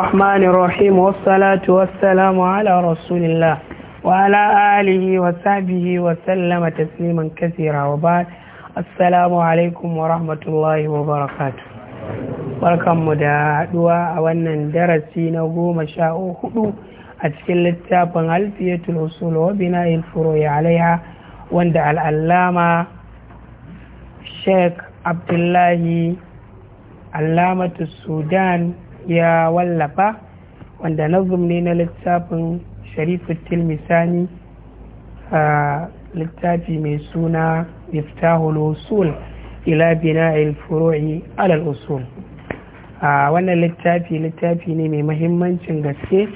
الرحمن الرحيم والصلاة والسلام على رسول الله وعلى آله وصحبه وسلم تسليما كثيرا وبعد السلام عليكم ورحمة الله وبركاته barkan mu da haɗuwa a wannan darasi na goma sha hudu a cikin littafin alfiyatul usul wa bina'il alaiha wanda al'allama sheikh abdullahi alamatu sudan ya wallafa wanda nazum ne na littafin sharifin tilmisani a littafi mai suna iftahul usul ila bina'il furu'i alal usul a wannan littafi littafi ne mai mahimmancin gaske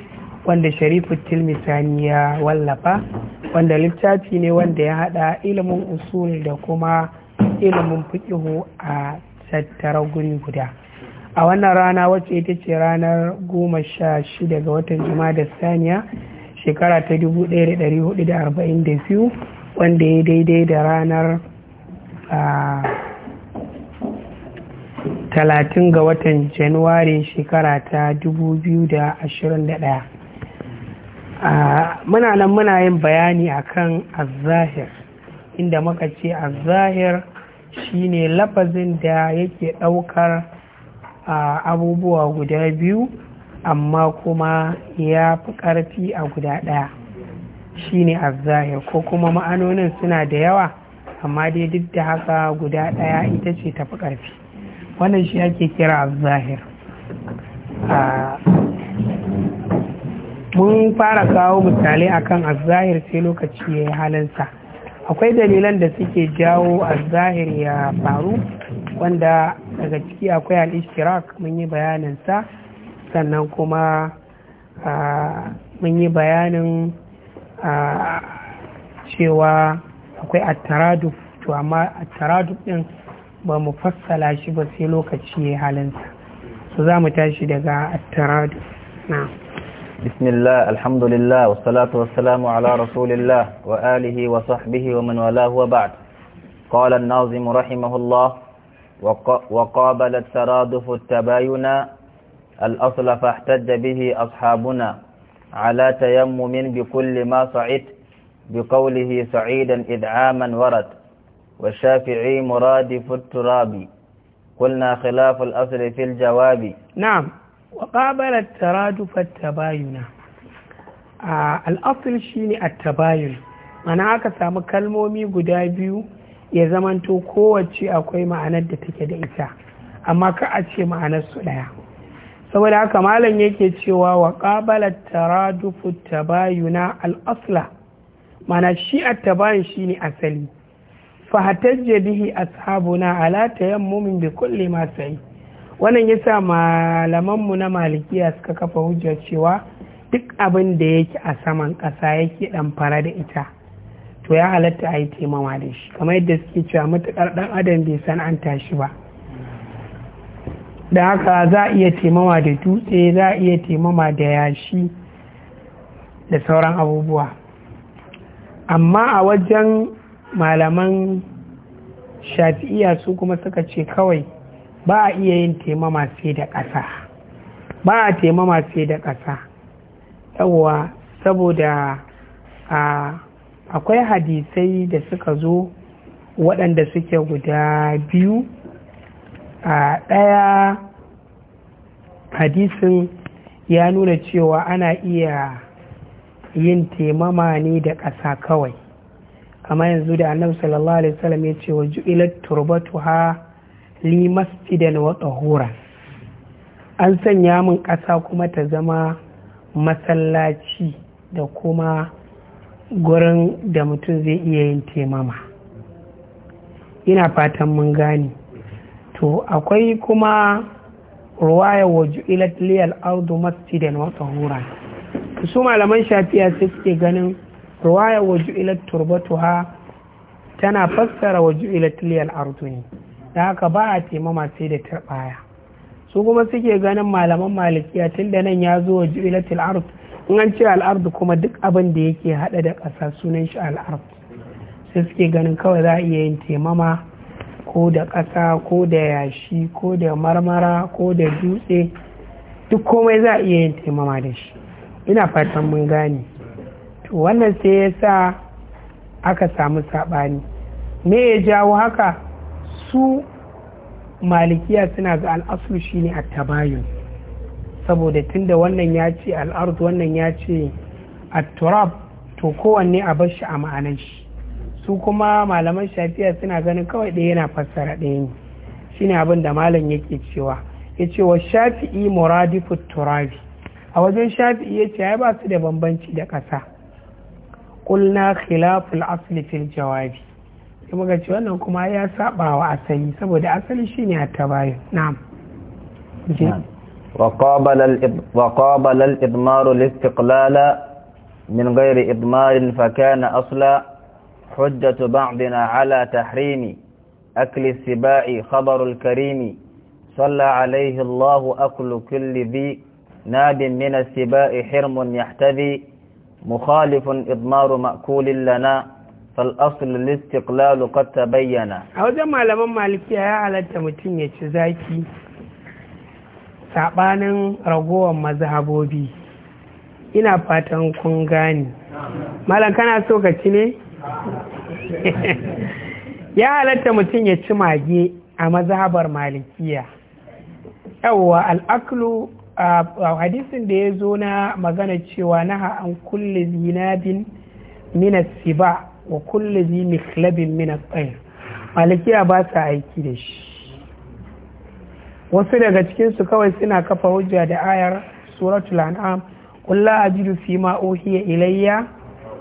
wanda sharifu tilmisani ya wallafa wanda littafi ne wanda ya hada ilimin usul da kuma ilimin fikihu a tattara guri guda a wannan rana wacce ita ce ranar goma sha shida ga watan da saniya shekara ta 1442 wanda ya daidai da ranar talatin ga watan januwari shekara ta 2021 muna nan muna yin bayani a kan azahir inda muka ce azahir shine lafazin da yake daukar A abubuwa guda biyu amma kuma ya fi ƙarfi a guda ɗaya shi ne azzahir ko kuma ma'anonin suna da yawa amma dai duk da haka guda ɗaya ita ce tafi ƙarfi wannan shi ake kira azzahir mun fara kawo misalai akan azzahir sai lokaci ya yi halinsa akwai dalilan da suke jawo azzahir ya faru wanda daga ciki akwai al-ishtirak mun yi sa sannan kuma mun yi bayanin cewa akwai attaraduf to amma attaraduf din ba mu fassala shi ba sai lokaci ya halinsa so za mu tashi daga attaraduf na بسم الله الحمد لله والصلاة والسلام على رسول الله وآله وصحبه ومن والاه وبعد قال الناظم رحمه الله وقابلت ترادف التباين الأصل فاحتج به أصحابنا على تيمم بكل ما صعد بقوله سعيدا إذ عاما ورد والشافعي مرادف التراب قلنا خلاف الأصل في الجواب نعم وقابلت ترادف التباين آه، الأصل شيني التباين أنا أكسام كلمومي قدابيو ya zamanto kowace akwai ma'anar da take da ita amma ka a ce ma'anar su ɗaya saboda haka malam yake cewa wa ƙabalar taradufu tabayuna al'asla mana shi a tabayin shi ne asali fahatajja bihi ashabuna ala yammumin bi kulle masu yi. wannan ya sa malamanmu na malikiya suka kafa hujjar cewa duk abin da yake a saman ƙasa yake ɗamfara da ita to ya halatta a yi taimama da shi kamar yadda suke cewa matuƙar ɗan adam bai san an tashi ba da haka za a iya taimama da dutse za a iya taimama da yashi da sauran abubuwa amma a wajen malaman shafi'iya su kuma suka ce kawai ba a iya yin taimama sai da ƙasa ba a taimama sai da ƙasa yawwa saboda a akwai hadisai da suka zo waɗanda suke guda biyu a ɗaya hadisin ya nuna cewa ana iya yin taimama ne da ƙasa kawai kamar yanzu da annabi sallallahu alaihi wasallam ya ce wa ju'ilat ha li masjidan wa tahura an sanya min ƙasa kuma ta zama masallaci da kuma gurin da mutum zai iya yin taimama ina fatan mun gane to akwai kuma ruwaya wa ju'ilat liyal ardu masjidan wa tahura su malaman shafiya sai suke ganin ruwaya wa ju'ilat turbatuha tana fassara wa ju'ilat liyal ardu ne da haka ba a taimama sai da tarbaya su kuma suke ganin malaman malikiya tun da nan ya zo wa ju'ilatil ardu in an ce al'ardu kuma duk abin da yake hada da ƙasa sunan shi al'ardu sai suke ganin kawai za a iya yin taimama ko da ƙasa ko da yashi ko da marmara ko da dutse duk komai za a iya yin taimama da shi ina fatan mun gane to wannan sai ya sa aka samu saɓani me ya jawo haka su malikiya suna ga al'asu shine a tabayun saboda tunda wannan ya ce al'ard wannan ya ce turab to kowanne a bar shi a ma'anar shi su kuma malaman shafiya suna ganin kawai ɗaya yana fassara ɗaya ne shine abin da malam yake cewa ya ce wa shafi'i muradifu turabi a wajen shafi'i ya ce ya ba su da bambanci da ƙasa ƙulna khilaful asli jawabi sai muka ce wannan kuma ya saba wa asali saboda asali shine a tabayin na'am وقابل, وقابل الإضمار الاستقلال من غير إضمار فكان أصلا حجة بعضنا على تحريم أكل السباع خبر الكريم صلى عليه الله أكل كل ذي ناب من السباء حرم يحتذي مخالف إضمار مأكول لنا فالأصل الاستقلال قد تبين هذا ما لما مالكي على التمتين يتزاكي saɓanin ragowar mazhabobi ina fatan kun gani malam kana so ka ci ne ya halatta mutum ya ci mage a mazhabar malikiya yawwa al'aklu a hadisin da ya zo na magana cewa naha an kulle zinabin minas siba wa kulle zi miklabin minas tsayin malikiya ba sa aiki da shi wasu daga cikinsu kawai suna kafa hujja da ayar suratul an'am qul la ajidu fi ma uhiya ilayya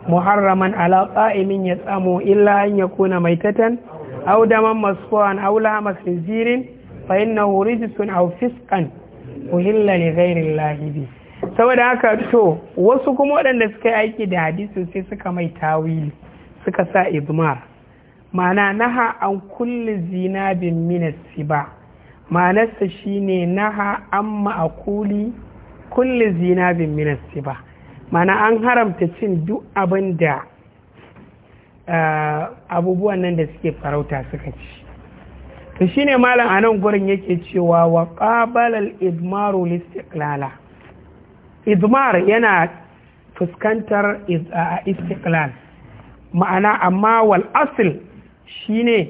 muharraman ala ya tsamo, illa an yakuna maitatan aw daman masfuan aw lahma khinzirin fa innahu rijsun aw fisqan uhilla li ghairi llahi bi saboda haka to wasu kuma waɗanda suka yi aiki da hadisin sai suka mai tawili suka sa idmar ma'ana naha an kulle zinabin minas ba. manasta shine naha amma a kuli kulli zinabin minas siba mana an haramta cin duk abinda eh, abubuwan nan da suke farauta suka ci to shine malam a nan gurin yake cewa wa qabalal idmaru listiqlala idmar yana fuskantar eh, istiqlal ma'ana amma wal asl shine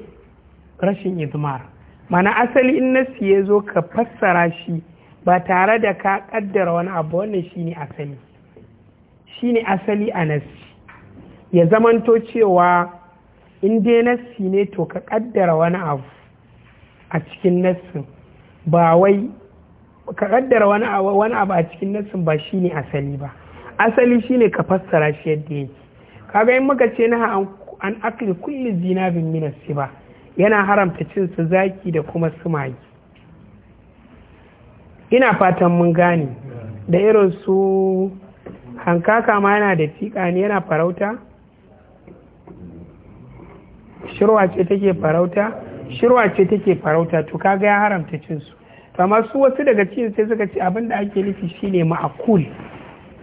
rashin idmar mana asali in nassi ya zo ka fassara shi ba tare da ka kaddara wani abu wannan ne asali ne asali a nassi ya zamanto cewa in dai nassi ne to ka kaddara wani abu a cikin nassin ba wai ka kaddara wani abu a cikin nassin ba shi ne asali ba asali shi ne ka fassara shi yadda yake kaga in muka ce na an akli kulli zinabin minas ba yana haramta cin su zaki da kuma sumaki ina fatan mun gane da irin su hankaka ma yana da fiƙa ne yana farauta shirwa ce take farauta shirwa ce take farauta to kaga ya haramta cin su amma su wasu daga cikin sai suka ce abin da ake nufi shine ma'akul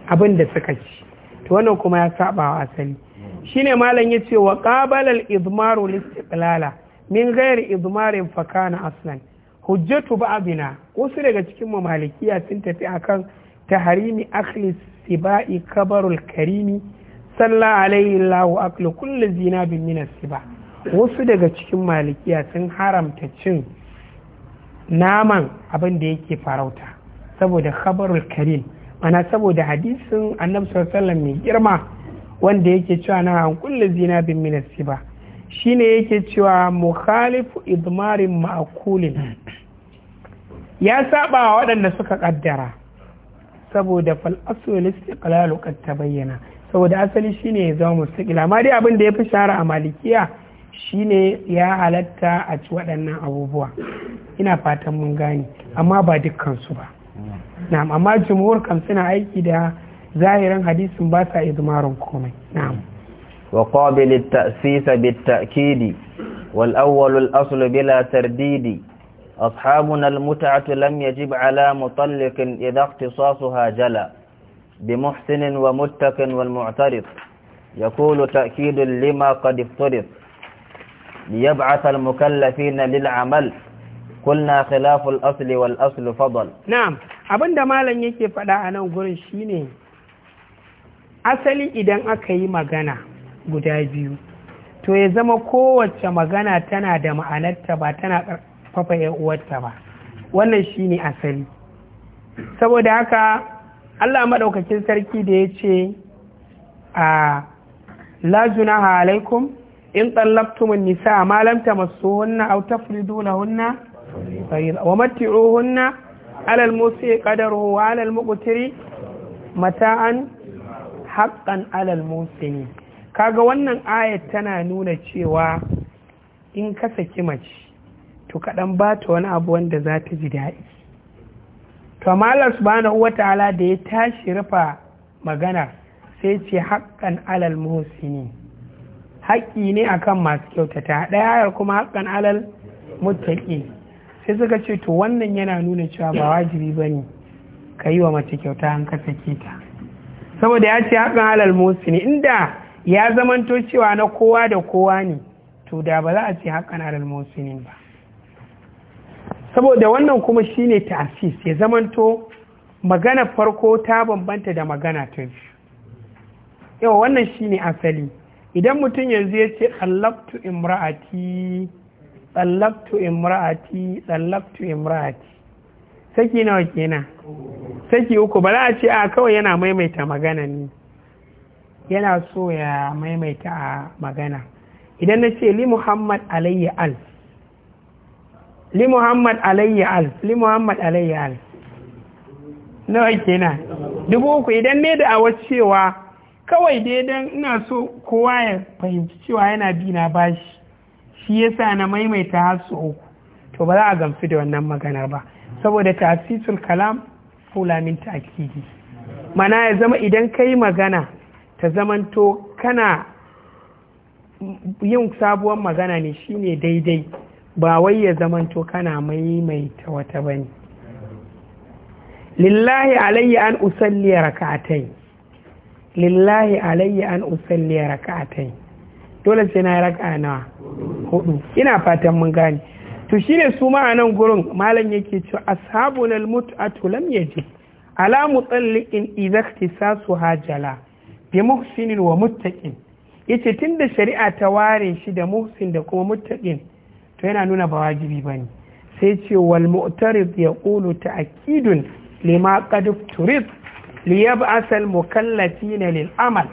abin da suka ci to wannan kuma ya saba wa asali shine malam yace wa qabala al-idmaru lil-istiqlala min gairi idmarin fakana aslan hujjatu ba'abina wasu daga cikin mamalikiya sun tafi akan taharimi akhli sibai kabarul karimi salla alaihi lahu aklu kullu zinabin min siba wasu daga cikin malikiya sun haramta cin naman abin da yake farauta saboda kabarul karim mana saboda hadisin annabi sallallahu alaihi wasallam mai girma wanda yake cewa na an kullu zinabin min siba shine yake cewa mukhalifu idmarin ma'akulin ya saba wa waɗanda suka ƙaddara saboda falasolisti istiqlalu ta bayyana. saboda asali shine ya zama mustaqil amma dai abin ya fi shahara a malikiya shine ya halatta a ci waɗannan abubuwa ina fatan mun gane amma ba dukkansu ba na'am amma jimuwar kam suna aiki da zahirin hadisin ba sa izmarin komai na'am وقابل التأسيس بالتأكيد والأول الأصل بلا ترديد أصحابنا المتعة لم يجب على مطلق إذا اختصاصها جلا بمحسن ومتق والمعترض يقول تأكيد لما قد افترض ليبعث المكلفين للعمل قلنا خلاف الأصل والأصل فضل نعم أبن دمالا يكي فلا أنا أقول gurin shine إذا أكي مغانا guda biyu to ya zama kowace magana tana da ma'anarta ba tana ƙarfafa uwarta ba wannan shi ne asali saboda haka Allah maɗaukakin sarki da ya ce a lajuna alaikum in tsallaftumin nisa ma lam tamassuhunna na hunna wa hunna alal ya qadaruhu wa alal muqtiri mata'an haƙƙan alal ne. kaga wannan ayat tana nuna cewa in ka saki mace to kaɗan ba ta wani abu wanda za ta ji daɗi to malar subhanahu wa ta'ala da ya tashi rufa magana sai ce haƙƙan alal muhsini haƙƙi ne akan masu kyautata ɗaya kuma haƙƙan alal muttaqi sai suka ce to wannan yana nuna cewa ba wajibi bane ne ka yi wa mace kyauta an ka sake ta saboda ya ce haƙƙan alal muhsini inda ya zamanto cewa na kowa da kowa ne to da ba za a ce haka na musinin ba saboda wannan kuma shine tasis ya zamanto magana farko ta bambanta da magana ta biyu yau wannan shine asali idan mutum yanzu ya ce tsallabtu imra'ati tsallabtu imra'ati tsallabtu imra'ati saki nawa kenan saki uku ba za a ce a kawai yana maimaita magana ne yana so ya maimaita a magana idan na ce li muhammad alayya al li muhammad alayya al li muhammad alayya al nawa kenan dubu uku idan ne da awa cewa kawai dai don ina so kowa ya fahimci cewa yana bi na bashi shi yasa na maimaita har su uku to ba za a gamsu da wannan maganar ba saboda tasisul kalam fulamin ta'kidi mana ya zama idan kai magana ta zamanto kana yin sabuwar magana ne shine daidai ba wai ya zamanto kana maimaita wata bane lillahi alayya an usalliya rak'atayn lillahi alayya an usalliya rak'atayn dole sai na raka'a nawa hudu ina fatan mun gane to shine su ma a nan gurin malam yake ce ashabun almut'atu lam yaji ala mutalliqin idza iktisasu hajala bi muhsinin wa muttaqin yace tunda shari'a ta ware shi da muhsin da kuma muttaqin to yana nuna ba wajibi bane sai ce wal mu'tarid yaqulu ta'kidun lima qad turid liyab'as al mukallafin lil amal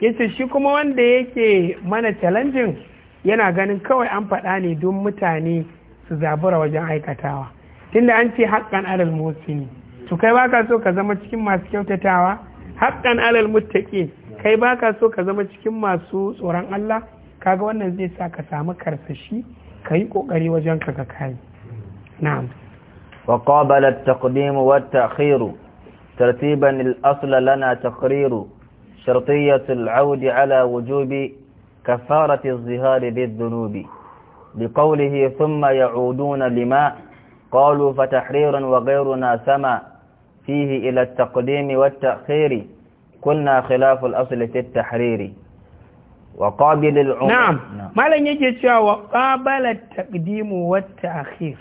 yace shi kuma wanda yake mana challenging yana ganin kawai an faɗa ne don mutane su zabura wajen aikatawa tunda an ce haƙƙan alal musini to kai baka so ka zama cikin masu kyautatawa haqqan alal muttaqin kai baka so ka zama cikin masu tsoron Allah kaga wannan zai sa ka samu karsashi ka yi kokari wajen ka ka kai na'am wa qabala at-taqdim wa at-ta'khir tartiban al-asl lana taqrir shartiyyah al-'aud ala wujubi kafarat az-zihar bidh-dhunub بقوله ثم يعودون لما قالوا فتحريرا وغيرنا سما فيه إلى التقديم والتأخير كنا خلاف الأصل في التحرير وقابل العمر نعم, نعم. ما لن يجي قابل التقديم والتأخير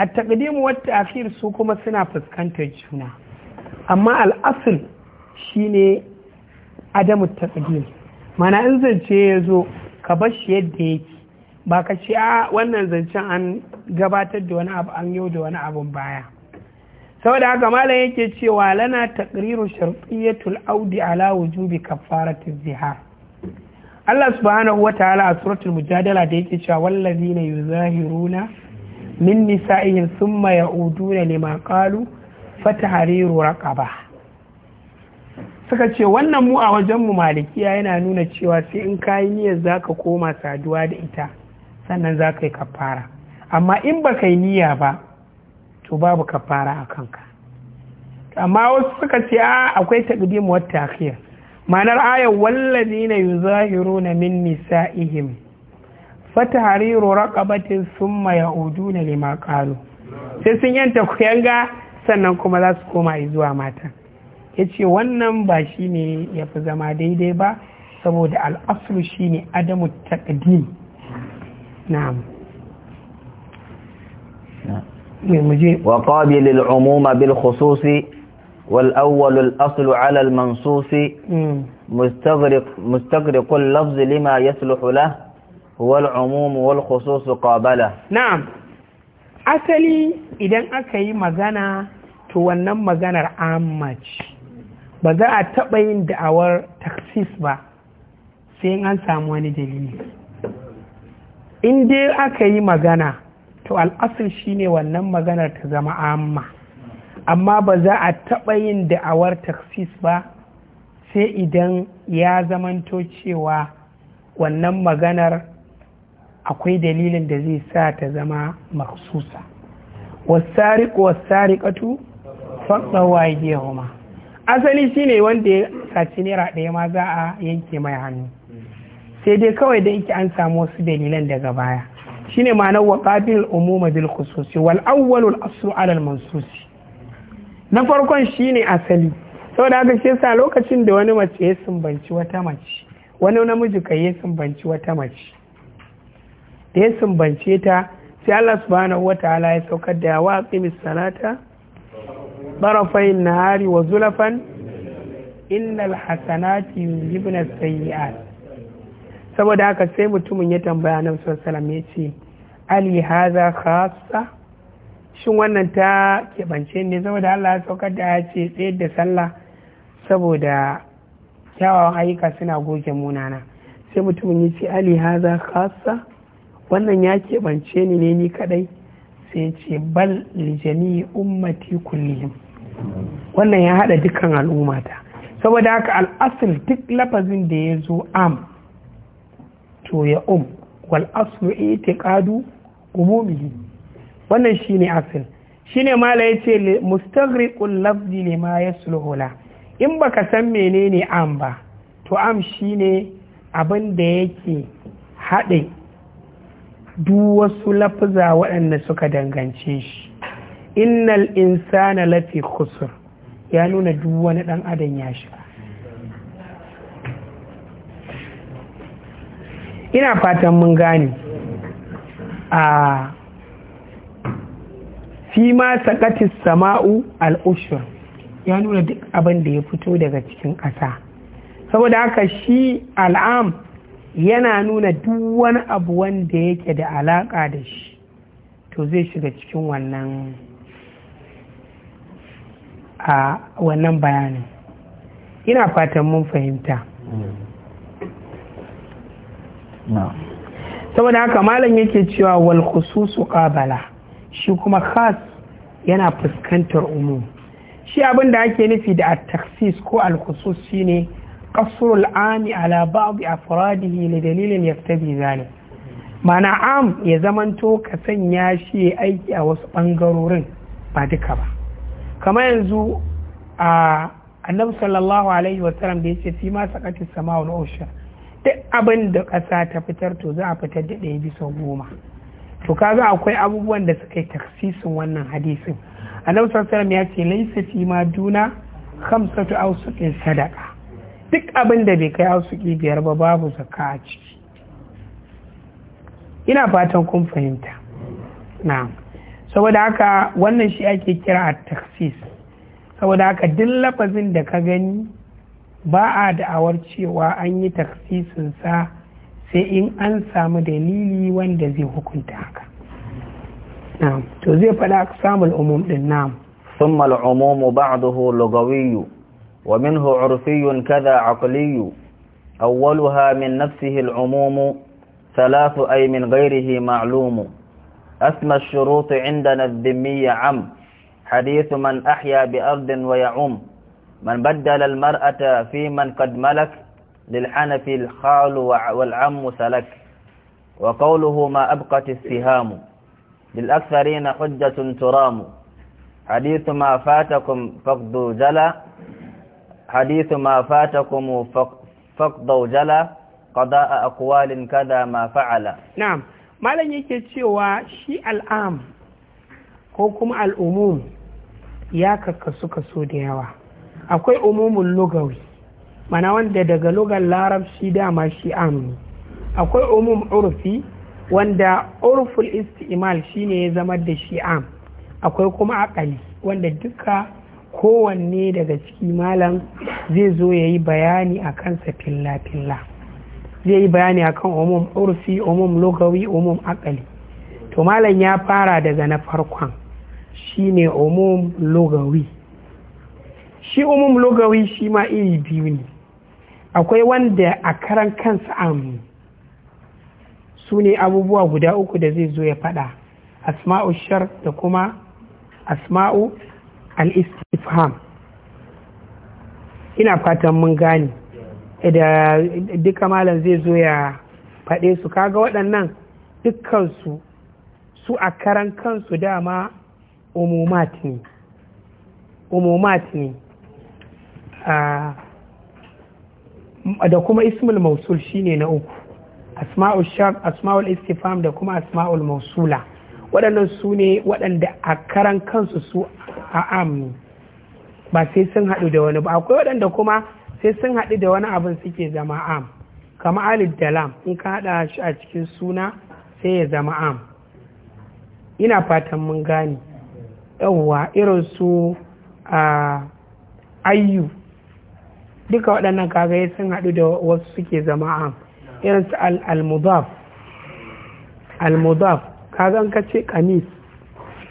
التقديم والتأخير سوكما سنة فسكنت هنا أما الأصل شيني عدم التقديم ما in جيزو ya يديك ka shi ba ka ce a wannan zancen an gabatar da wani abu an yau da wani abun baya saboda haka malam yake cewa lana taqriru shartiyatul audi ala wujubi kafaratiz zihar Allah subhanahu wa ta'ala a suratul mujadala da yake cewa wallazina yuzahiruna min nisa'ihim thumma ya'uduna lima qalu fatahriru raqaba suka ce wannan mu a wajen mu malikiya yana nuna cewa sai in kayi niyyar zaka koma saduwa da ita sannan zaka yi kafara amma in baka yi niyya ba to babu kafara a kanka amma wasu suka ce a akwai taqdim wa ta'khir ma'anar ayar wallazina yuzahiruna min nisa'ihim fatahriru raqabatin thumma ya'uduna lima qalu sai sun yanta yanga sannan kuma za su koma zuwa mata ce wannan ba shi ne ya fi zama daidai ba saboda shi ne adamu taqdim na'am وقابل العموم بالخصوص والأول الأصل على المنصوص مستغرق, مستغرق اللفظ لما يصلح له هو العموم والخصوص قابله نعم asali idan aka yi magana to wannan maganar amaci ba za a taɓa yin da'awar taksis ba sai an samu wani dalili in aka yi magana to al'asir shine wannan maganar ta zama amma amma ba za a taɓa yin da'awar taksis ba sai idan ya zamanto cewa wannan maganar akwai dalilin da zai sa ta zama maksusa wasariƙo wasariƙatu faɗawa ya asali shine wanda ya saci naira ɗaya ma za a yanke mai hannu sai dai kawai da yake an samu wasu dalilan daga baya shine ma'anar wa qatil umuma bil khususi wal awwalul aslu ala al mansusi na farkon shine asali saboda haka shi sa lokacin da wani mace ya sumbanci wata mace wani namiji kai ya sumbanci wata mace da ya sumbance ta sai Allah subhanahu wataala ya saukar da wa aqimis salata nahari wa zulafan innal hasanati يذهبن السيئات saboda haka sai mutumin ya tambaya nan sun salam ya ce ali haza khasa shin wannan ta keɓance ne saboda Allah ya saukar da ya ce tsayar da sallah saboda kyawawan ayyuka suna goge munana sai mutumin ya ce ali haza khasa wannan ya keɓance ne ne ni kadai sai ya ce bal lijani ummati kullihim wannan ya haɗa dukkan al'ummata saboda haka al'asir duk lafazin da ya zo am to ya um wal aslu itiqadu umumihi wannan shine asal shine mala yace mustaghriqul lafzi lima yasluhu la in baka san menene am ba to am shine abin da yake haɗe duk wasu lafza waɗanda suka dangance shi innal insana lafi kusur ya nuna duk wani ɗan adam ya shiga ina fatan mun gane a fi ma sakatis sama'u al'ushur ya nuna duk abin da ya fito daga cikin ƙasa saboda haka shi al'am yana nuna duk wani abu wanda yake da alaƙa da shi to zai shiga cikin wannan a wannan bayanin ina fatan mun fahimta mm. saboda haka malam yake cewa wal khususu qabala shi kuma khas yana fuskantar umum shi abin da ake nufi da at-takhsis ko al-khusus shine qasrul ami ala ba'd afradihi li dalilin yaktabi zalik mana am ya zamanto ka sanya shi aiki a wasu bangarorin ba duka ba kamar yanzu a annabi sallallahu alaihi sallam da yace fi ma sakati sama'ul usha duk abin da ƙasa ta fitar to za a fitar da ɗaya bisa goma to za akwai abubuwan da suka yi taksisin wannan hadisin annabi sallallahu ya ce laisa fi ma duna khamsatu awsuqin sadaqa duk abin da bai kai awsuqi biyar ba babu zakka a ciki ina fatan kun fahimta na'am saboda haka wannan shi ake kira a taksis saboda haka duk lafazin da ka gani ba a da'awar cewa an yi sa sai in an samu dalili wanda zai hukunta haka na'am to zai faɗa samun umum ɗin na'am ثم العموم بعضه لغوي ومنه عرفي كذا عقلي أولها من نفسه العموم ثلاث أي من غيره معلوم أسمى الشروط عندنا الذمية عم حديث من أحيا بأرض ويعم من بدل المرأة في من قد ملك للحنف الخال والعم سلك وقوله ما أبقت السهام للأكثرين حجة ترام حديث ما فاتكم فقدوا جلا حديث ما فاتكم فقدوا جلا قضاء أقوال كذا ما فعل نعم ما لن يكتشوا شيء العام ko الأموم al'umum ya kakkasu kaso akwai umumin lugawi mana wanda daga lugar larabci dama shi amini akwai umum urfi wanda urful istimal shine ya zama da shi am akwai kuma akali wanda duka kowanne daga ciki malam zai zo ya yi bayani a kansa filla-filla zai yi bayani a kan umum urfi umum lugawi umum akali to malam ya fara daga na farkon shine umum lugawi shi umum lugawi shi ma iri biyu ne akwai wanda a karan kansa amu su ne abubuwa guda uku da zai zo ya faɗa asma'u shar da kuma asma'u al-istifham ina fatan mun gane da duka malam zai zo ya faɗe su kaga waɗannan dukkansu su a karan kansu dama umumat ne umumat ne da kuma ismul mausul shine na uku asma'ul shart asma'ul istifam da kuma asma'ul mausula waɗannan su ne waɗanda a karan kansu su a amni ba sai sun haɗu da wani ba akwai waɗanda kuma sai sun haɗu da wani abin suke zama am kama alif da lam in ka haɗa shi a cikin suna sai ya zama am ina fatan mun gane yawwa irin su ayyu duka waɗannan kaga yi sun haɗu da wasu suke zama a irin su al-mudaf al-mudaf kaga an kace kamis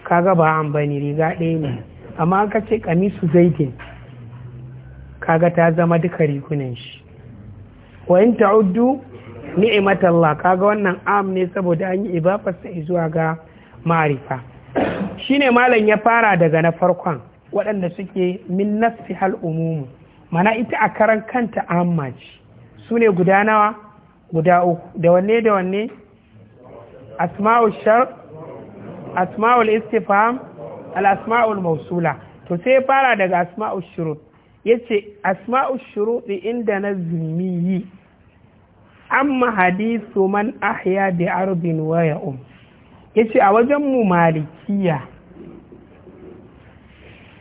kaga ba an bani riga ɗaya ne amma an kace kamisu zaidin kaga ta zama duka rigunan shi wa in ta'uddu Allah? kaga wannan am ne saboda an yi ibafarsa zuwa ga ma'arifa shine malam ya fara daga na farkon waɗanda suke min nasfi hal umumu mana ita a karan kanta amma su ne guda nawa guda uku da wanne da wanne asma'ul shar asma'ul istifham al asma'ul mausula to sai fara daga asma'ul shurut yace asma'ul shurut inda na yi amma hadithu man ahya bi arbin wa ya'um yace a wajen mu malikiya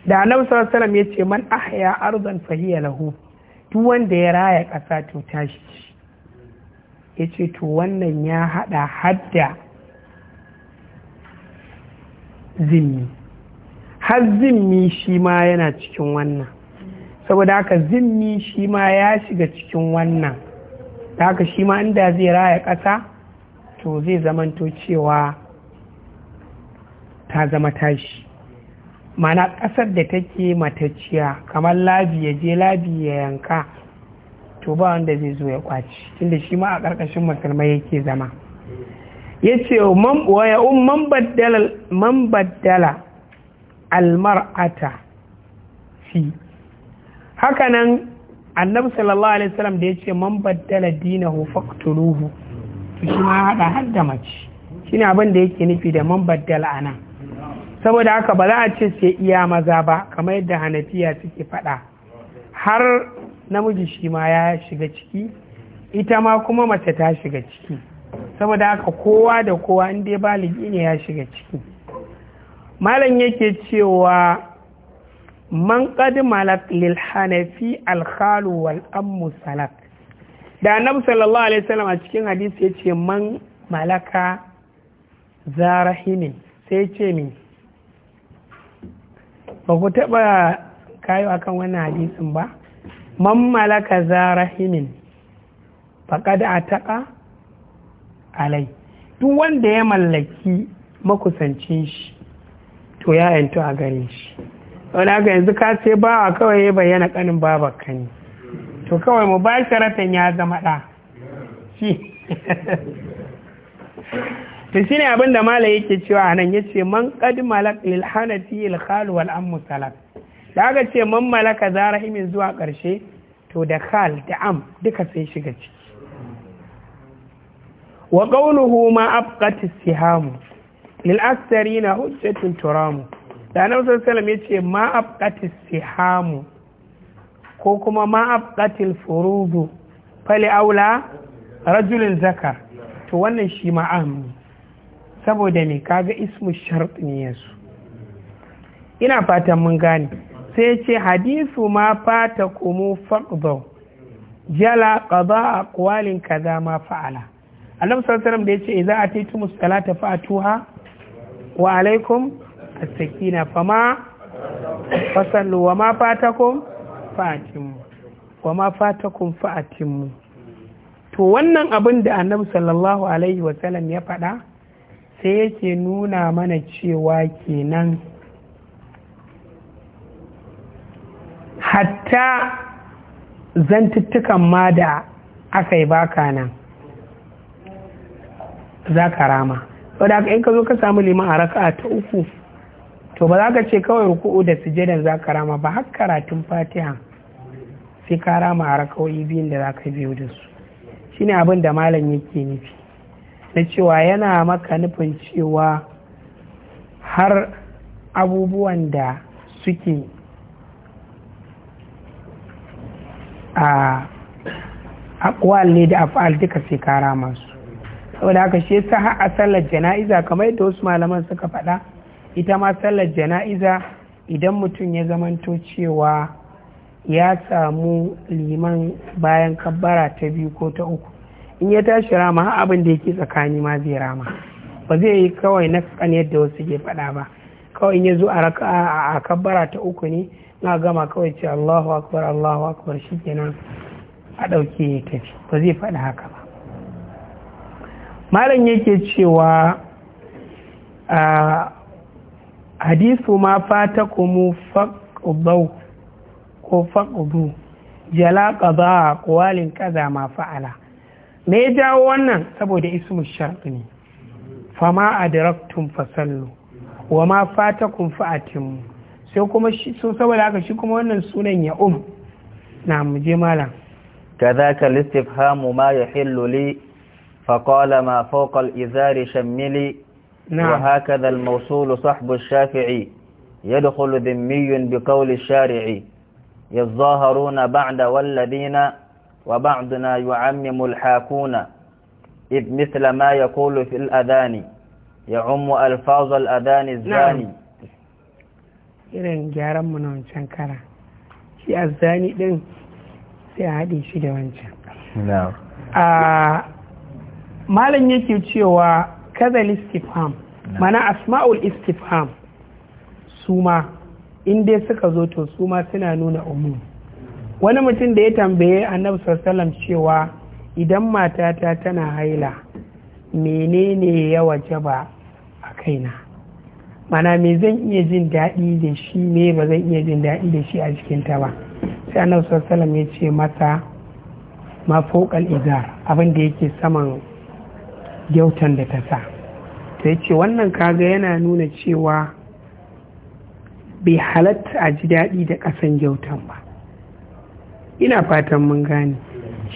da annabi sallallahu alaihi wasallam yace man ahya ardan fahiya lahu duk wanda ya raya kasa to tashi yace to wannan ya hada hadda zimmi har zimmi shi ma yana cikin wannan saboda haka zimmi shi ma ya shiga cikin wannan da haka shi ma inda zai raya kasa to zai zamanto cewa ta zama tashi mana ƙasar da take matacciya kamar labi ya je labi ya yanka to ba wanda zai zo ya kwaci tunda shi ma a ƙarƙashin musulmai yake zama ya ce wa un man baddala almar'ata fi hakanan annabi sallallahu alaihi wasallam da ya ce man baddala dinahu faqtuluhu to shi ma hada har da mace shine abin da yake nufi da man baddala nan. saboda haka ba za a ce sai iya maza ba kamar yadda hanafiya suke faɗa har namiji shi ma ya shiga ciki ita ma kuma mace ta shiga ciki saboda haka kowa da kowa in dai baligi ne ya shiga ciki malam yake cewa man qad malak lil hanafi al khalu wal ammu salak da annabi sallallahu alaihi wasallam a cikin hadisi yace man malaka zarahimin sai ce min ba ku taɓa kayo akan wannan hadisin ba man malaka za rahimin faƙad a taƙa alai duk wanda ya mallaki makusancin shi to ya yanto a gare shi wani aka yanzu ka ce bawa kawai ya bayyana kanin babarka ne to kawai mu ba ya zama ɗa to shi ne abinda mala yake cewa nan ya ce man qad malak hanafi al wal da aka ce man malaka rahimin zuwa ƙarshe to da khal da am duka sai shiga ciki wa ƙaunuhu ma abqat sihamu lil na hujjatun turamu da annabi wasu salam ya ce ma abqat sihamu ko kuma ma abqat al furudu fali aula rajulin zakar to wannan shi ma saboda me kaga ismu shart ne yasu ina fatan mun gane sai ce hadisu ma fata kumu faɗo jala qada aqwalin kaza ma fa'ala da ya ce da a taitu ataytum salata fa'tuha wa alaikum as-sakina ma fasallu wa ma fatakum fa'timu wa ma fatakum to wannan abin da annabi sallallahu alaihi wasallam ya faɗa sai yake nuna mana cewa kenan hatta zantuttukan ma da aka yi baka nan za ka rama wadda in ka zo ka samu liman a raka'a ta uku to ba za ka ce kawai ruku'u da sujadan za ka rama ba har karatun fatiha sai ka rama a raka'o'i biyun da za ka biyo da su shine abin da malam yake nufi na cewa yana maka nufin cewa har abubuwan da suke a akwal ne da afal duka sai kara masu saboda haka shi ya a sallar jana'iza kamar yadda wasu malaman suka faɗa ita ma sallar jana'iza idan mutum ya zamanto cewa ya samu liman bayan kabbara ta biyu ko ta uku in ya tashi rama abin da yake tsakani ma zai rama ba zai yi kawai na kan yadda wasu ke faɗa ba kawai in ya zo a a kabbara ta uku ne na gama kawai ce Allahu akbar Allahu akbar nan a ɗauke ya tafi ba zai faɗi haka ba malam yake cewa a hadisu ma fata kuma faƙubau ko faƙubu jala ƙaza a ƙwalin ƙaza ma fa'ala me ya jawo wannan saboda ismu sharɗi ne fama adraktum fasallu wa ma fatakum fa'atim sai kuma so saboda haka shi kuma wannan sunan ya um na mu je malam kadhaka listifhamu ma yahillu li فقال ما فوق الإزار شملي نعم. وهكذا الموصول صحب الشافعي يدخل ذمي بقول الشارعي يظاهرون بعد والذين وبعضنا يعمم الحاكون إذ مثل ما يقول في يعم الزاني irin gyaran mu na a haɗe shi da wancan yake cewa kazal istifham mana asma'ul istifham suma in dai suka zo to suma suna nuna umum wani mutum da ya tambaye annabi sallam cewa idan matata tana haila menene ya waje ba a kaina mana me zan iya jin daɗi da shi me ba zan iya jin daɗi da shi a jikinta ba sai annabi sallam ya ce masa mafokal izar abin da yake saman gyautan da ta sa ta ce wannan kaga yana nuna cewa bai halatta a ji daɗi da ƙasan gyautan ba ina fatan mun gane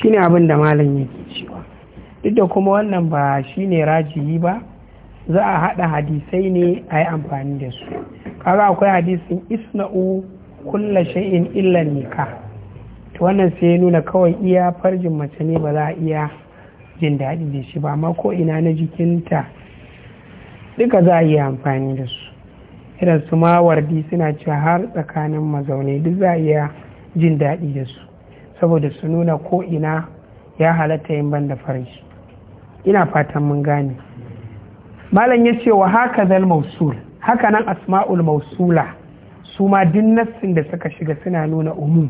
shine abin da malam yake cewa duk da kuma wannan ba shine rajiyi ba za a haɗa hadisai ne a yi amfani da su kaga akwai hadisin isna'u kulla shay'in illa nikah to wannan sai ya nuna kawai iya farjin mace ne ba za a iya jin daɗi da shi ba amma ko ina na jikinta duka za a iya amfani da su irin su mawardi suna cewa har tsakanin mazaune duk za a iya jin daɗi da su saboda su nuna ko ina ya halatta yin ban da farashi ina fatan mun gane malam ya ce wa haka zal mausul haka nan asma'ul mausula su ma duk nassin da suka shiga suna nuna umu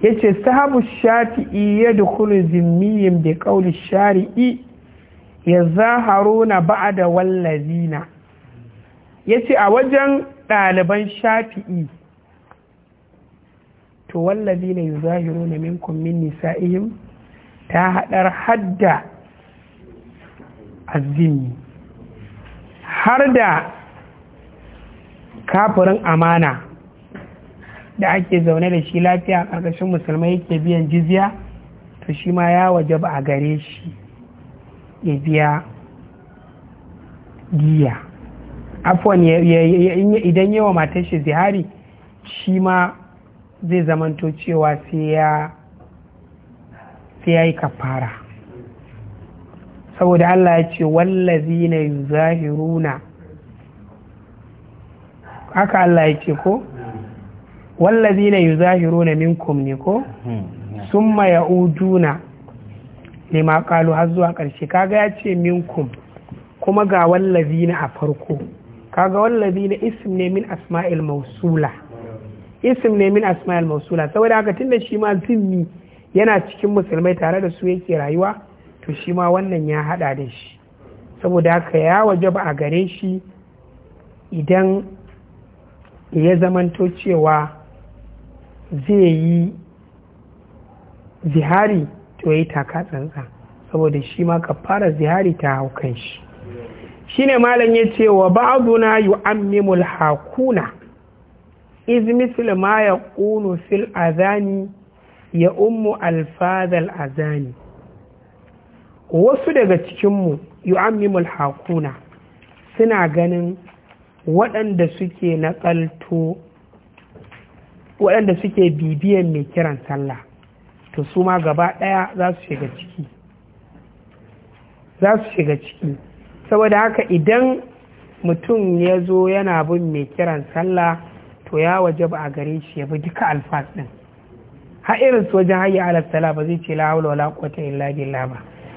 ya ce sahabu shafi'i ya dukulu zimmiyin bi kauli shari'i ya ba'a da wallazina ya ce a wajen ɗaliban shafi'i to wallazi ne yi zahiru na minkum min nisa'ihim ta haɗar hadda azini har da kafirin amana da ake zaune da shi lafiya a ƙarƙashin musulmai yake biyan jizya to shi ma ya waje ba a gare shi ya biya giya afon idan yawa matar shi zihari shi ma zai zamanto cewa sai ya yi kafara saboda Allah ya ce wallazi na zahiruna haka Allah ya ce ko wallazi na na minkum ne ko sun summa ya'uduna ne kalu har zuwa ƙarshe kaga ya ce minkum kuma ga wallazi na a farko kaga wallazi na ism ne min asma'il mausula isim ne min asma'il mausula saboda haka tunda shi ma zimmi yana cikin musulmai tare da su yake rayuwa to shi ma wannan ya hada da shi saboda haka ya wajaba a gare shi idan ya zamanto cewa zai yi zihari to ya yi taka tsantsa saboda shi ma ka fara zihari ta hau kan shi ne malam ya ce wa ba'aduna yu'ammimul hakuna izmisul ma ya ƙunu fil azani ya ummu alfazal azani wasu daga cikinmu yu'ammimul hakuna suna ganin waɗanda suke naƙalto waɗanda suke bibiyan mai kiran sallah to su ma gaba ɗaya za su shiga ciki za su shiga ciki saboda haka idan mutum ya zo yana bin mai kiran sallah to ya waje ba a gare shi ya bi duka alfas ɗin ha irin su wajen hayi ala sala ba zai ce la haula wala ta illa billah ba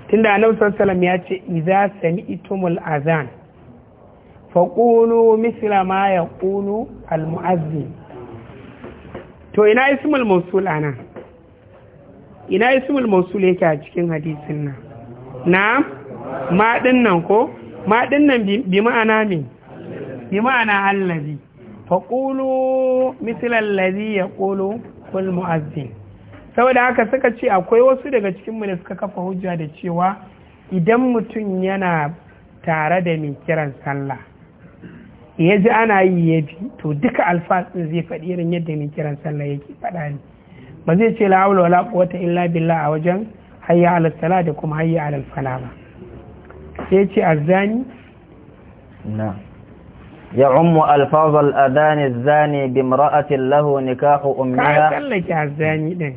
tunda annabi sallallahu alaihi ya ce idza sami'tumul azan faqulu misla ma yaqulu al mu'azzin to ina ismul mawsul ana ina ismul mawsul yake a cikin hadisin nan na ma dinnan ko ma dinnan bi ma'ana me bi ma'ana allazi faƙulu misilan lazi ya ƙulu kul mu'azzin saboda haka suka ce akwai wasu daga cikinmu da suka kafa hujja da cewa idan mutum yana tare da mai kiran sallah ya ji ana yi ya bi to duka alfasin zai faɗi irin yadda mai kiran sallah yake faɗa ne ba zai ce la'awul wala quwwata illa billah a wajen hayya ala salah da kuma hayya ala fala ba sai ce arzani na يعم ألفاظ الأذان الزاني بامرأة له نكاح أمها كأسلك الزاني ده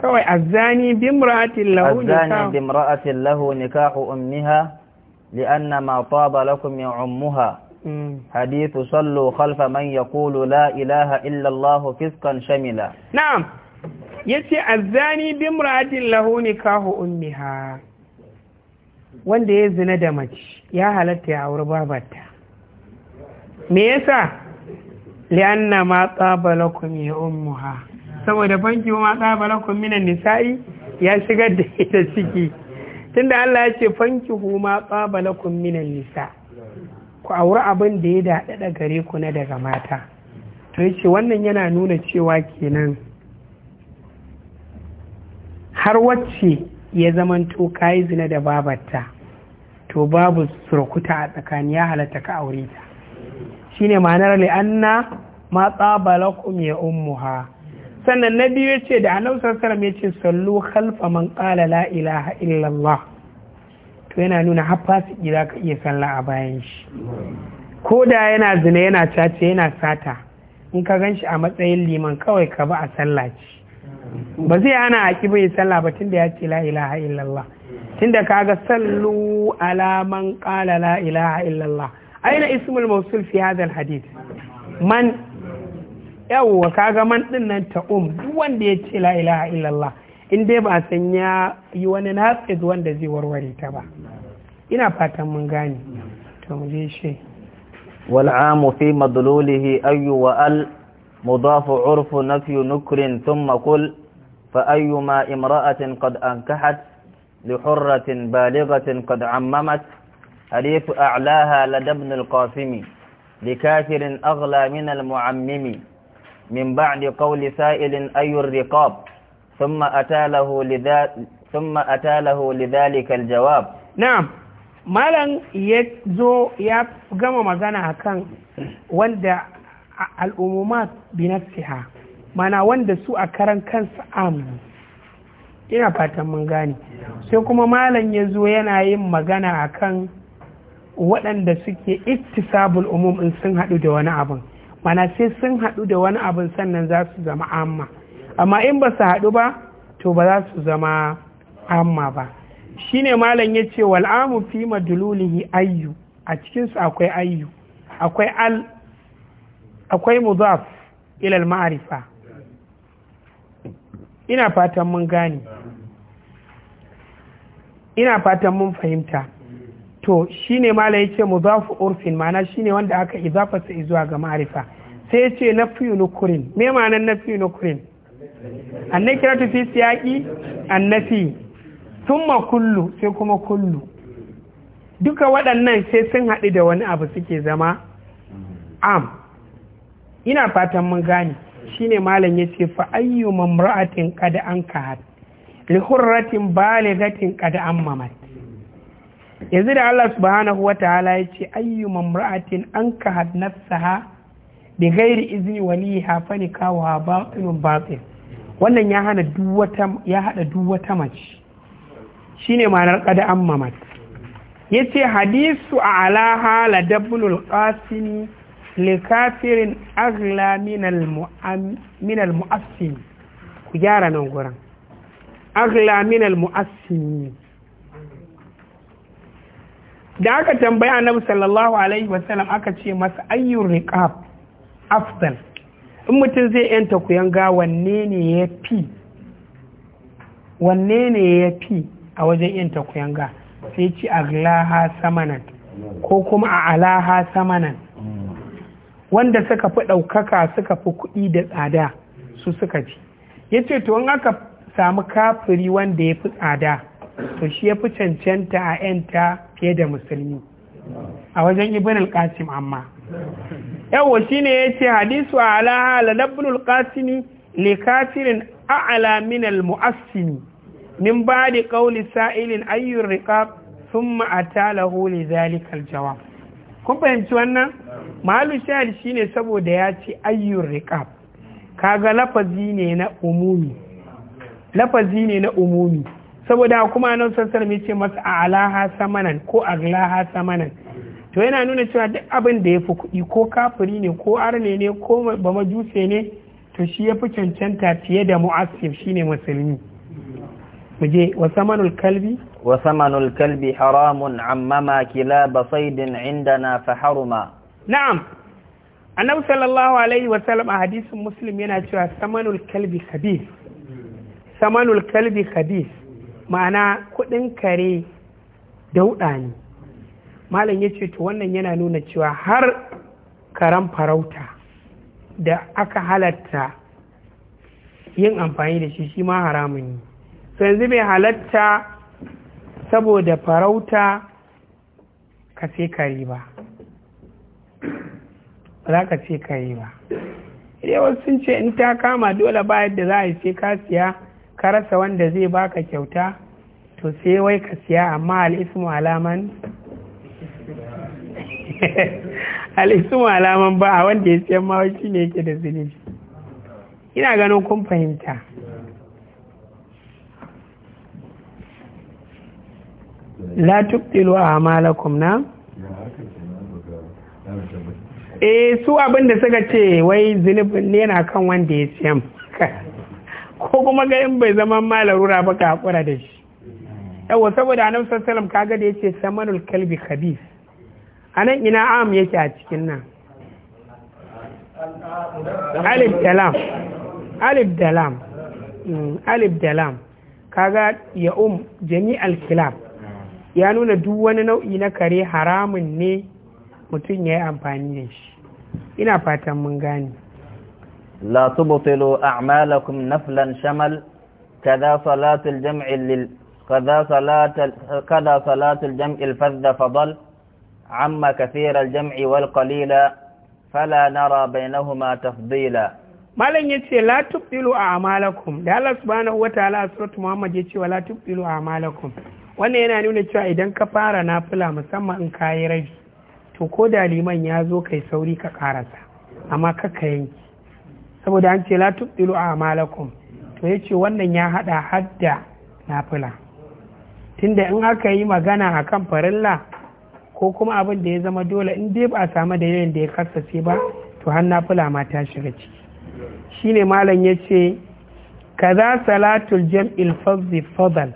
كوي الزاني بامرأة له الزاني نكاح بامرأة له نكاح أمها لأن ما طاب لكم يعمها حديث صلوا خلف من يقول لا إله إلا الله فسقا شملا نعم يتي الزاني بامرأة له نكاح أمها wanda ya zina da mace ya halatta ya auri babarta me yasa li'anna ma tsaba ya ummuha saboda banki ma tsaba minan nisa'i ya shigar da ita ciki tunda Allah ya ce ku ma tsaba minan nisa ku auri abin da ya daɗaɗa gare ku na daga mata to yace wannan yana nuna cewa kenan har wacce ya zamanto kayi zina da babarta to babu surkuta a tsakani ya halatta ka aure ta shine ma'anar anna ma tsabalakum ya ummuha sannan na biyu yace da annabi sallallahu alaihi wasallam yace sallu khalfa man qala la ilaha illallah to yana nuna har fasiki za ka iya sallah a bayan shi ko da yana zina yana cace yana sata in ka ganshi a matsayin liman kawai ka ba a sallah ce ba zai hana a ƙi bai sallah ba tunda ya ce la ilaha illallah tunda kaga sallu ala man qala la ilaha illallah أين اسم الموصول في هذا الحديث؟ من؟ yawwa kaga man din nan ta um wanda ya ce la ilaha illallah in dai ba san ya yi wani nafid wanda zai warware ta ba ina fatan mun gane to mu je shi wal amu fi madlulihi ayyu wa al mudafu urfu nafyu nukrin thumma kul fa ayyuma imra'atin qad ankahat li hurratin balighatin qad أريف أعلاها لدى ابن القاسم لكافر أغلى من المعمم من بعد قول سائل أي الرقاب ثم أتى له لذا ثم أتى له لذلك الجواب نعم malam ya ya gama magana akan wanda mana wanda su a karan kansu amu ina fatan mun gane sai kuma malam ya zo yana yin magana akan waɗanda suke ittisabul umum in sun haɗu da wani abin mana sai sun haɗu da wani abin sannan za su zama amma amma in ba su haɗu ba to ba za su zama amma ba Shi ne malam ya ce wal'amu fi madululihi ayyu a cikinsu akwai ayyu akwai al akwai muzaf ilal ma'arifa ina fatan mun gane ina fatan mun fahimta to shi shine mala yace mudafu urfin shi ne wanda aka izafarsa zuwa ga ma'arifa sai ce yace nafiyu nukurin me ma'anan nafiyu nukurin annakiratu fi siyaqi annafi ma kullu sai kuma kullu duka waɗannan sai sun haɗu da wani abu suke zama am ina fatan mun gane ne malam ya ce fa ayyu mamra'atin qad ankahat li hurratin balighatin an mamat yanzu da Allah subhanahu wa ta'ala ya ce ayyu mamra'atin an ka hadnasaha bi ghairi izni waliha fa nikahuha batilun batil wannan ya hana duwata ya hada duk wata mace shine ma'anar qad ammamat yace hadisu a alaha la dabbulul qasimi likafirin agla minal ku gyara nan gurin agla minal da aka tambaya annabi sallallahu alaihi wasallam aka ce masa ayyur riqab afdal in mutum zai yanta ga wanne ne ya fi wanne ne ya fi a wajen yanta ga sai ci aglaha samanan ko kuma a alaha samanan wanda suka fi ɗaukaka suka fi kuɗi da tsada su suka ci yace ce to in aka samu kafiri wanda ya fi tsada to shi ya fi cancanta a 'yanta fiye da musulmi a wajen ibn al-qasim amma yawo shi ne ya ce hadisu a alaha ibn al qasim le kafirin a'ala min al-mu'assimi min ba da sa'ilin ayyun riƙab sun ma'ata lahu li zalikal jawab kun fahimci wannan malu shahid shi ne saboda ya ce ayyun riƙab kaga lafazi lafazi ne na umumi saboda kuma nan sassar mai ce masa a alaha samanan ko aglaha samanan to yana nuna cewa duk abin da ya fi kuɗi ko kafiri ne ko arne ne ko ba majuse ne to shi ya fi cancanta fiye da mu'assif ne musulmi muje wa samanul kalbi wa samanul kalbi haramun amma ma kila ba saidin indana fa haruma na'am annabi sallallahu alaihi wa sallam a hadisin muslim yana cewa samanul kalbi khabith samanul kalbi khabith ma'ana kuɗin kare dauɗa ne malam ya ce to wannan yana nuna cewa har karan farauta da aka halatta yin amfani da shi shi ma haramun yi so yanzu bai halatta saboda farauta ka ce kare ba ba za ka ce kare ba idan sun ce in ta kama dole ba yadda za a yi sai ka siya ka rasa wanda zai baka kyauta to sai wai ka siya amma al'ismu alaman al'ismu alaman ba a wanda ya siyan ma shi ne yake da zunubi ina ganin kun fahimta la tubtilu a'malakum na eh su abin da suka ce wai zunubin ne na kan wanda ya siyan ko kuma ga in bai zama malarura ba ka hakura da shi yawa saboda annabi sallallahu alaihi kaga da yace samanul kalbi khabis anan ina am yake a cikin nan alif dalam alif dalam mm, alif dalam kaga ya um jami'al kilab ya nuna duk wani nau'i na kare haramun ne mutum ya yi amfani da shi ina fatan mun gane la tubtilu a'malakum naflan shamal kaza salatul jam'i lil كذا صلاة الجمع الفذ فضل عما كثير الجمع والقليل فلا نرى بينهما تفضيلا malam ya ce la اعمالكم a الله سبحانه وتعالى سوره محمد يتي ولا Muhammad wannan yana nuna cewa idan ka fara nafila musamman in ka yi rabi to ko da liman ya zo kai sauri ka karasa amma ka ka yanki saboda an ce la tubdilu a amalakum to yace wannan ya hada hadda nafila tunda in aka yi magana a kan farilla ko kuma abin da ya zama dole in dai ba a samu dalilin da ya kasace ba to har fula ma ta shiga ciki shine malam ya ce kaza salatul jam'il fadhi fadal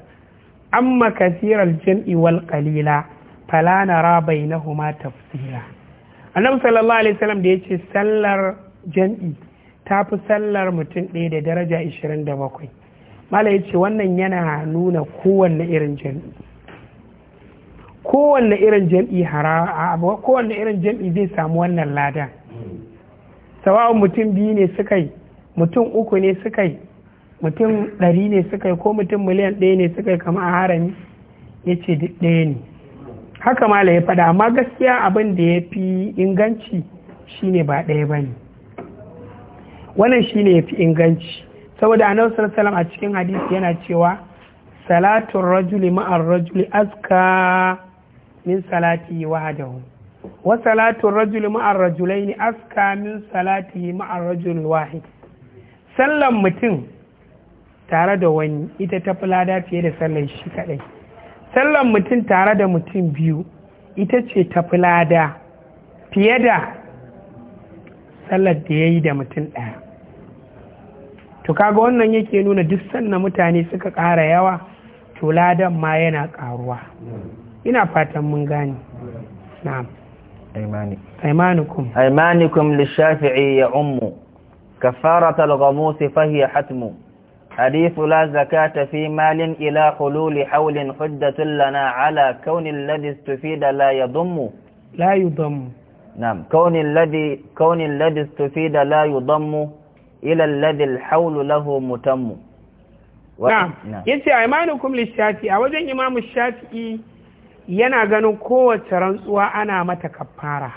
amma kathiral jam'i wal qalila fala nara bainahuma tafsila annabi sallallahu alaihi wasallam da yace sallar jam'i ta fi sallar mutum ɗaya da daraja 27 mala ya ce wannan yana nuna kowanne irin jam'i kowanne irin jam'i kowanne irin jam'i zai samu wannan lada sawa'un mutum biyu ne suka yi mutum uku ne suka yi mutum ɗari ne suka yi ko mutum miliyan ɗaya ne suka yi kama a harami ya ce daya ne haka mala ya faɗa amma gaskiya abin da ya fi inganci shine ba ɗaya ba ne wannan shine ya fi inganci saboda a annabi sallallahu a cikin hadisi yana cewa salatun rajuli ma'ar rajuli aska min salati wahdahu wa salatun rajuli ma'ar rajulaini aska min salati ma'ar rajul wahid sallan mutum tare da wani ita ta fi lada fiye da sallan shi kadai sallan mutum tare da mutum biyu ita ce ta fi lada fiye da sallar da ya yi da mutum ɗaya to kaga wannan yake nuna duk sannan mutane suka ƙara yawa to ladan ma yana ƙaruwa ina fatan mun gani na'am aimani aimanukum aimanukum lishafi'i ya ummu kafarat al-ghamus fa hiya hatmu hadithu la zakata fi malin ila hululi hawlin huddatun lana ala kaunil ladhi istufida la yadhammu la yadhammu na'am kaunil ladhi kaunil ladhi istufida la yadhammu ila alladhi alhawlu lahu mutammu na'am yace aymanukum lishafi a wajen imamu shafi'i yana ganin kowace rantsuwa ana mata kaffara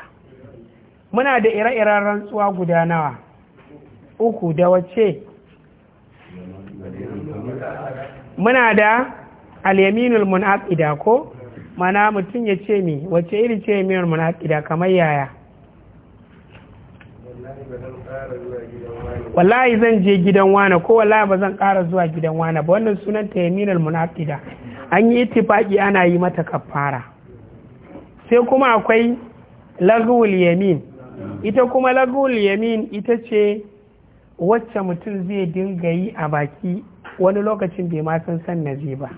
muna da ire-iren rantsuwa guda nawa uku da wace muna da alyaminul munaqida ko mana mutum ya ce mi wace iri ce yaminul munaqida kamar yaya wallahi zan je gidan wana ko wallahi ba zan ƙara zuwa gidan wana ba wannan sunan ta yaminal munafida an yi ittifaki ana yi mata kafara sai kuma akwai lagul yamin ita kuma lagul yamin ita ce wacce mutum zai dinga yi a baki wani lokacin bai ma san san na ba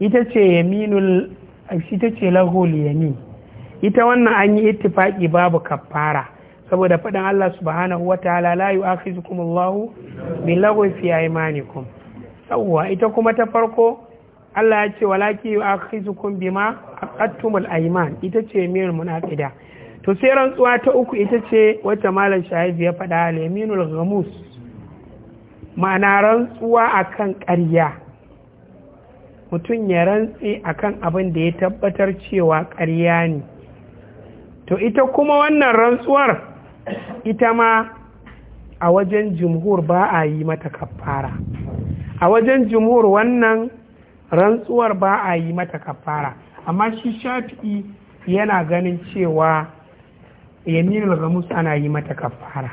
ita ce yaminul ita ce lagul yamin ita wannan an yi ittifaki babu kafara saboda faɗin Allah subhanahu wa ta'ala la kuma Allahu billaghwi fi aymanikum Sauwa ita kuma ta farko Allah ya ce walaki a bima a iman. ita ce mir munaqida to sai rantsuwa ta uku ita ce wata malam shahibi ya faɗa al-yaminul ghamus ma'ana rantsuwa akan ƙarya mutum ya rantsi akan abin da ya tabbatar cewa ƙarya ne to ita kuma wannan rantsuwar ita ma a wajen jumhur ba a yi mata kafara a wajen jumhur wannan rantsuwar ba a yi mata kafara amma shi shafi'i yana ganin cewa yaminul gamus ana yi mata kafara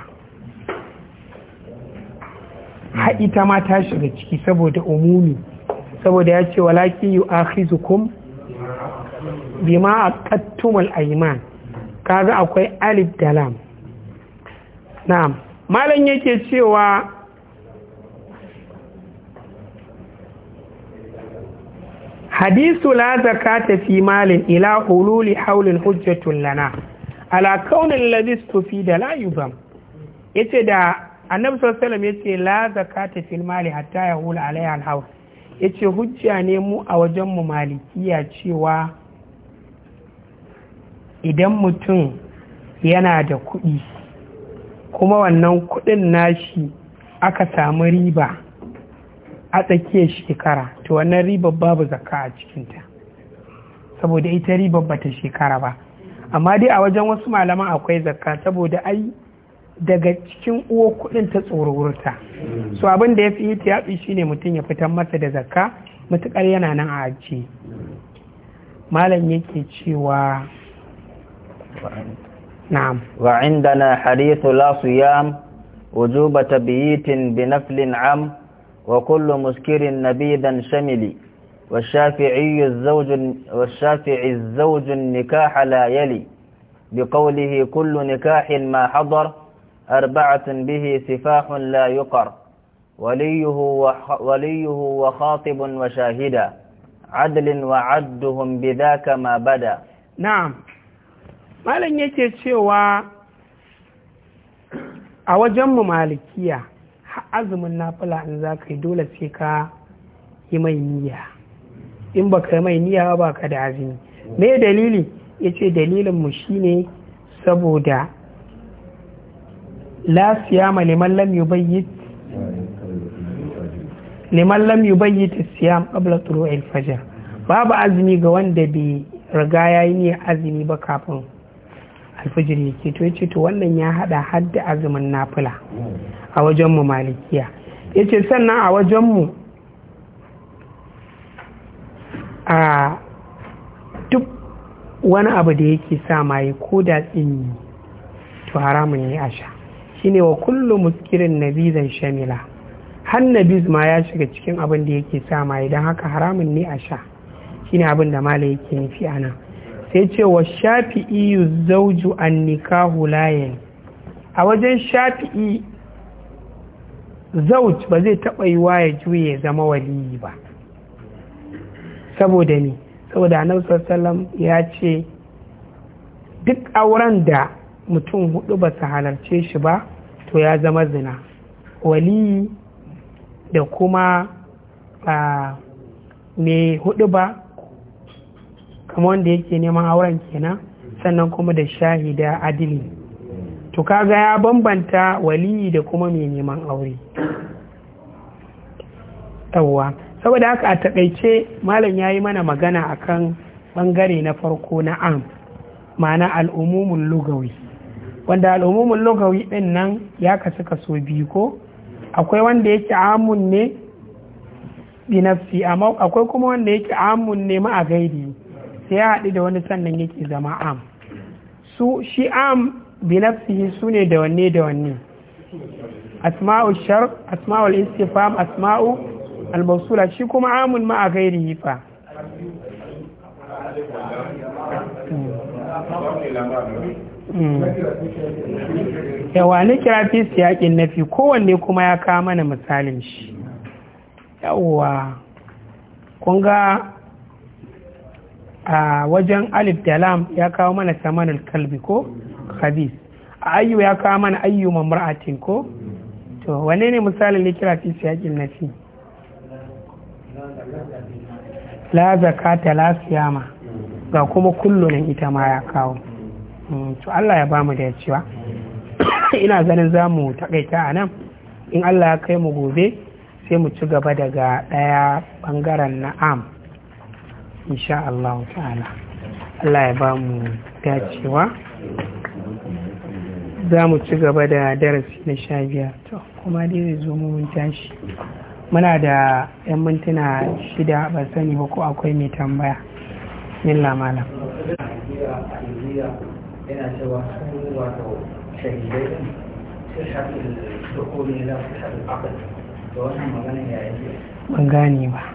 ha ita ma ta shiga ciki saboda umumi saboda ya ce walakin yu akhizukum bima aqattumul ayman kaga akwai alif da lam na'am malam yake cewa hadisu la zakata fi malin ila hululi haulin hujjatun lana ala kaunin ladis tufi da la Ya yace da annabi sallallahu alaihi yace la zakata fil mali hatta ya hula alaiha al Ya yace hujja ne mu a wajen mu malikiya cewa idan mutum yana da kuɗi kuma wannan kuɗin nashi aka samu riba a tsakiyar shekara to wannan ribar babu zakka a cikinta saboda ita ribar bata shekara ba amma dai a wajen wasu malaman akwai zakka saboda ai daga cikin uwa kuɗin ta tsorurta so abin da ya fi yi shi shine mutum ya fitar masa da zakka matukar yana nan a ajiye malam yake cewa نعم وعندنا حديث لا صيام وجوب تبييت بنفل عم وكل مسكر نبيذا شملي والشافعي الزوج والشافعي الزوج النكاح لا يلي بقوله كل نكاح ما حضر أربعة به سفاح لا يقر وليه, وليه وخاطب وشاهدا عدل وعدهم بذاك ما بدا نعم malam yake cewa a wajenmu malikiya azumin nafila in za ka yi dole sai ka yi mai niyya in ba ka yi mai niyya ba ka da azumi me dalili ya ce dalilinmu shine saboda la siyama liman lam yubayyit liman lam yubayyit siyam qabla tulu'il fajr babu azumi ga wanda bai riga yayi ne azumi ba kafin alfijir yake to yace to wannan ya hada hadda azumin nafila a wajen mu malikiya yace sannan a wajen mu a duk wani abu da yake sa maye ko da tsinyi to haramun ne a sha shine wa kullum muskirin nabizan shamila har nabiz ma ya shiga cikin abin da yake sa maye don haka haramun ne a sha shine abin da mala yake nufi a nan sai ce wa shafi'i zauju an nikahu layin a wajen shafi'i zauj ba zai taɓa yi ya juye zama waliyi ba saboda ne saboda annabi sallam ya ce duk auren da mutum hudu ba su halarce shi ba to ya zama zina waliyi da kuma ah, mai hudu ba kuma wanda yake neman auren kenan sannan kuma da shahida adili to kaga ya bambanta waliyi da kuma mai neman aure yawwa saboda haka a takaice malam ya yi mana magana akan bangare na farko na am ma'ana al'umumin lugawi wanda al'umumin lugawi din nan ya kasu kaso biyu ko akwai wanda yake amun ne binafsi amma akwai kuma wanda yake amun ne ma a gaidi sai ya haɗu da wani sannan yake zama am su shi am binafsihi su ne da wanne da wanne asma'u shar al istifam asma'u al-mawsula shi kuma amun ma a gairi hifa hmm. yawa na kira fi siyaƙin nafi kowanne kuma ya kama na misalin shi yawa kun a wajen alif da lam ya kawo mana samanul kalbi ko hadis a ayyu ya kawo mana ayyu mamra'atin ko to wanne ne misalin ne kira fi siyaqin nafi la zakata la siyama ga kuma nan ita ma ya kawo hmm, to Allah ya bamu da cewa ina ganin zamu mu takaita a nan in Allah ya kai mu gobe sai mu ci gaba daga ɗaya ɓangaren na'am insha Allah ta'ala Allah ya ba mu dacewa za mu ci gaba da darasi na sha biya. to kuma dai zai zo mun tashi muna da yan mintuna shida ba sani ba ko akwai mai tambaya min lamala yana cewa wato da ba ba ya ban gane ba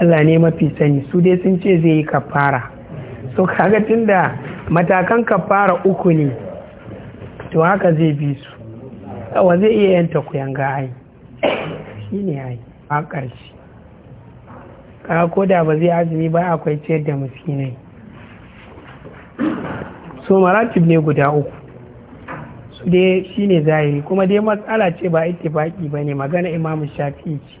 Allah ne mafi sani su dai sun ce zai yi kafara so kaga tunda matakan kafara uku ne to haka zai bi su awa zai iya yanta yanga ai shi ne ai a ƙarshe kaga ko da ba zai azumi ba akwai ciyar da miskinai so maratib ne guda uku su dai shi ne zahiri kuma dai matsala ce ba ittifaki ba ne magana imamu shafi'i ce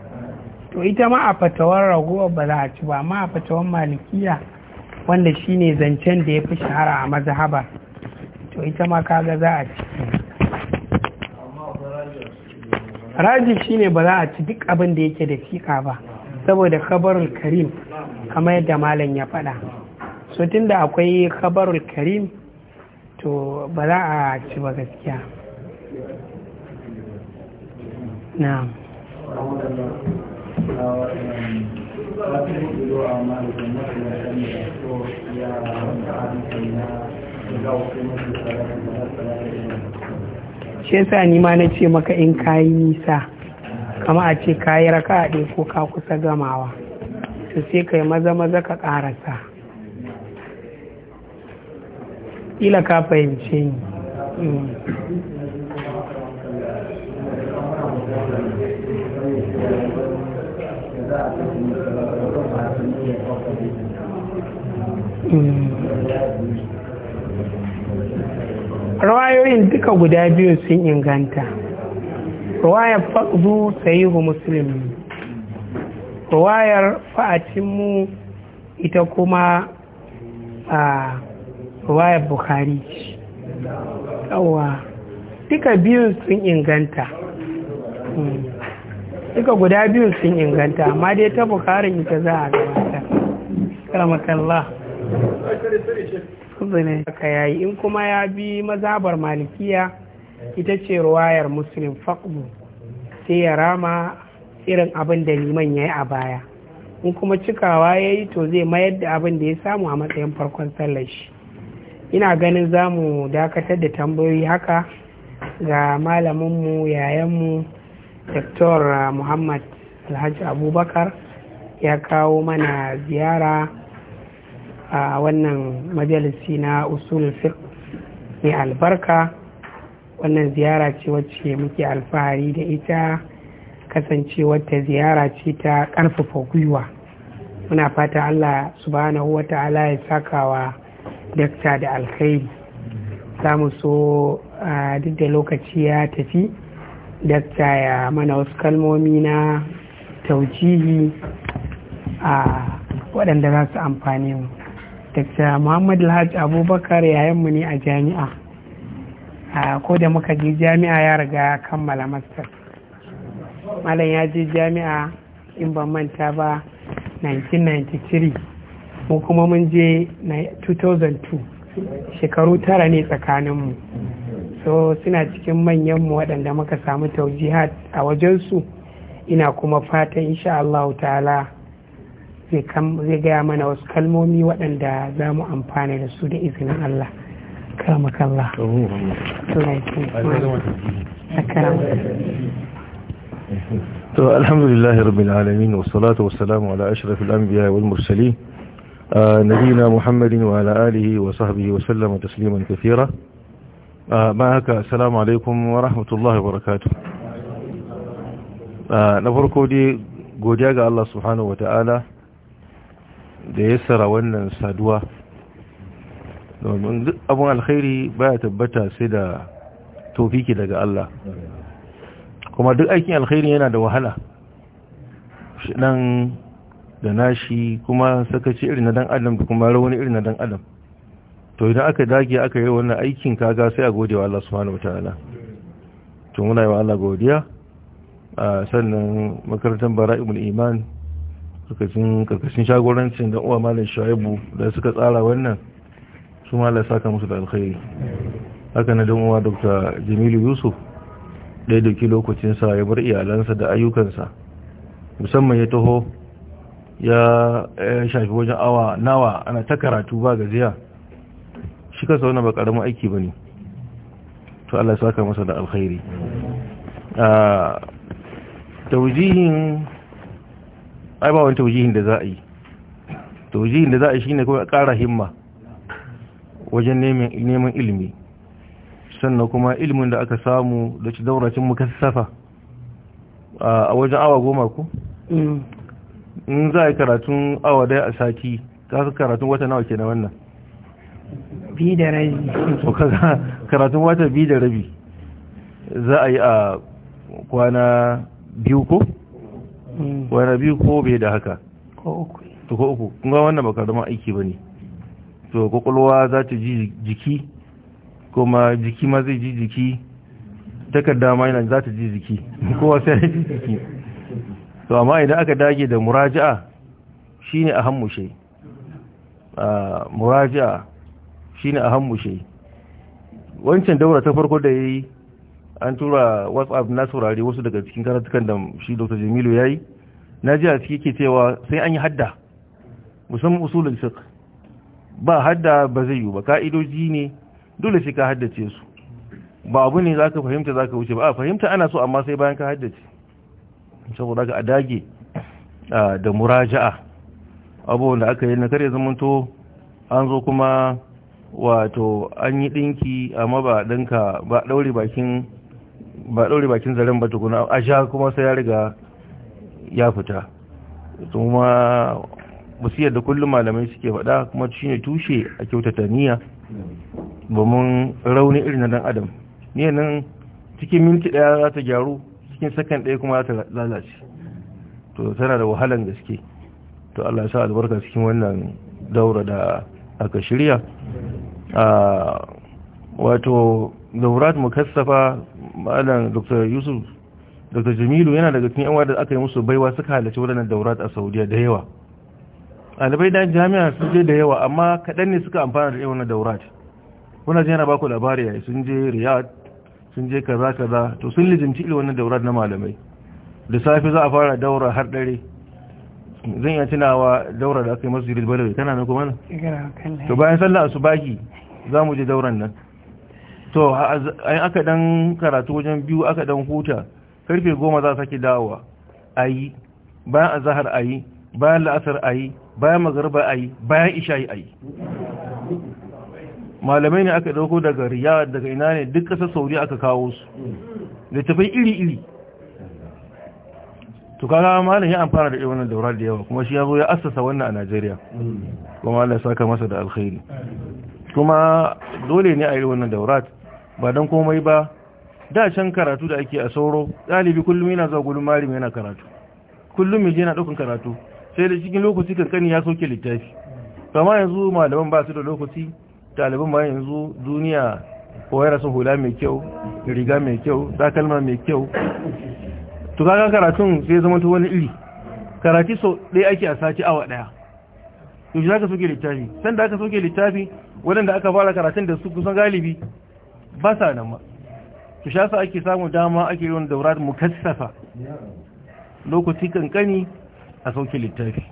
to ita ma a fatawar ragowar ba za a ci ba amma a fatawar malikiya wanda shine zancen da ya fi shahara a mazhaba to ita ma kaga za a ci raji shine ba za a ci duk abin da yake da fika ba saboda kabarul karim kamar yadda malam ya faɗa so tunda akwai kabarul karim to ba za a ci ba gaskiya na'am shi yasa ni ma na ce maka in kayi nisa kama a ce kayi raka a ɗaya ko ka kusa gamawa to sai yi maza maza ka ƙarasa ƙila ka fahimce ni hmm. Hmm. rawayoyin duka guda biyu sun inganta rawayar faɗu sayihu Musulmi. rawayar fa'acinmu ita kuma a rawayar bukhari yawa duka biyun sun inganta hmm. duka guda biyu sun inganta amma dai ta bukarin ita za a gabata karamakallah aka yayi in kuma ya bi mazabar malikiya ita ce ruwayar muslim faqbu sai ya rama irin abin da liman ya a baya in kuma cikawa ya yi to zai mayar da abin da ya samu a matsayin farkon sallar shi ina ganin za mu dakatar da tambayoyi haka ga malaminmu yayanmu Dr. Uh, Muhammad Alhaji Abubakar ya kawo mana ziyara a wannan majalisi na usul fiqh mai albarka wannan ziyara ce wacce muke alfahari da ita kasancewarta ziyara ce ta ƙarfafa gwiwa muna fata Allah subhanahu wa ta'ala ya sakawa dakta da alkhairi za mu so uh, duk da lokaci ya tafi dakta mana wasu kalmomi na taujihi a waɗanda za su amfani mu dakta muhammadu alhaji abubakar mu ne a jami'a ko da muka je jami'a ya riga kammala master malam ya je jami'a in ban manta ba 1993 mu kuma mun je 2002 shekaru tara ne tsakaninmu so suna cikin manyan mu waɗanda muka samu taujihat a wajensu ina kuma fatan insha Allah ta'ala zai gaya mana wasu kalmomi waɗanda za mu amfana da su da izinin Allah karamakallah to alhamdulillah rabbil alamin wa salamu ala ashrafil anbiya wal mursalin uh, nabiyina muhammadin wa ala alihi wa sahbihi wa sallama tasliman kathira ba haka assalamu alaikum wa rahmatullahi wa barakatu na farko dai godiya ga Allah subhanahu wa ta'ala da ya sara wannan saduwa domin duk abin alkhairi baya tabbata sai da tofiki daga Allah kuma duk aikin alkhairi yana da wahala nan da nashi kuma sakaci irin na dan adam da kuma rauni irin na dan adam to idan aka dage aka yi wannan aikin kaga sai a gode wa Allah subhanahu wataala to muna yi wa Allah godiya sannan makarantar bara'imul iman karkashin karkashin shagorancin da uwa malam shaibu da suka tsara wannan su malam saka musu da alkhairi haka na dan uwa dr jamilu yusuf da ya dauki sa ya bar iyalansa da ayyukansa musamman ya taho ya shafi wajen awa nawa ana ta karatu ba gaziya shi kasa wani ba karamin aiki ba ne. to Allah sa ka masa da alkhairi a taujihin ai ba wani taujihin da za a yi taujihin da za a yi shine kawai ƙara himma wajen neman ilimi sannan kuma ilimin da aka samu da ci dauracin safa. a wajen awa goma ku mm. in za a yi karatun awa daya a sati ka karatun wata nawa ke na wannan bi da rabi karatun wata bi da rabi za a yi a kwana biyu ko? Mm. kwana biyu ko bai da haka ko uku kuma wannan baka zama aiki ba ne to kwakwalwa za ta ji jiki kuma jiki ma zai ji jiki takarda ma yana za ta ji jiki kowa sai ya ji jiki to amma idan aka dage da muraja'a shine a hammushe ah, muraja'a shine a hannu shi wancan daura ta farko da yayi an tura whatsapp na saurari wasu daga cikin karatukan da shi dr jamilu ya yi na ji a ciki ke cewa sai an yi hadda musamman usulun fiqh ba hadda ba zai yi ba ka'idoji ne dole shi ka haddace su ba abu ne za ka fahimta za ka wuce ba a fahimta ana so amma sai bayan ka haddace saboda ga adage da muraja'a abubuwan da aka yi na kare zamanto an zo kuma wato an yi ɗinki amma ba dinka ba daure bakin ba ɗaure bakin zaren ba tukuna a sha kuma sai ya riga ya fita kuma wasiyar da kullum malamai suke faɗa kuma shi ne tushe a kyautata niyya domin rauni irin na dan adam niyyar nan cikin minti ɗaya za ta gyaru cikin sakan ɗaya kuma za ta lalace to tana da wahalan gaske to Allah ya sa albarka cikin wannan daura da aka shirya wato zaurat mukassafa malam dr yusuf dr jamilu yana daga cikin yawa da aka yi musu baiwa suka halarci wadannan daurat a saudiya da yawa ɗalibai da jami'a sun je da yawa amma kaɗan ne suka amfana da yawan daurat kuna jana ba ku labari ya sun je riyad sun je kaza kaza to sun lijimci ilu wannan daurat na malamai da safe za a fara daura har dare zan iya tunawa daura da aka yi masjidil balawai tana nan kuma to bayan sallah su baki, za mu je dauran nan to a aka dan karatu wajen biyu aka dan huta karfe goma za a sake dawa a yi bayan azahar a yi bayan la'asar a yi bayan magarba a yi bayan isha'i a yi malamai ne aka dauko daga riyad daga ina ne duk kasar sauri aka kawo su da tafai iri-iri to kaga malam ya amfana da wannan daura da yawa kuma shi ya zo ya assasa wannan a Najeriya kuma Allah ya saka masa da alkhairi kuma dole ne a yi wannan daura ba dan komai ba da can karatu da ake a sauro dalibi kullum yana zuwa gudun malami yana karatu kullum yaje yana ɗaukan karatu sai da cikin lokaci kankani ya soke littafi kama yanzu malaman ba su da lokaci ɗaliban ba yanzu duniya koyar yana hula mai kyau riga mai kyau takalma mai kyau to kaga karatun sai zama ta wani iri karatu sau ɗaya ake a sati awa ɗaya to za ka soke littafi san da aka soke littafi waɗanda aka fara karatun da su kusan galibi ba sa nan ma to shi sa ake samu dama ake yawan daura mu kassafa lokaci kankani a sauke littafi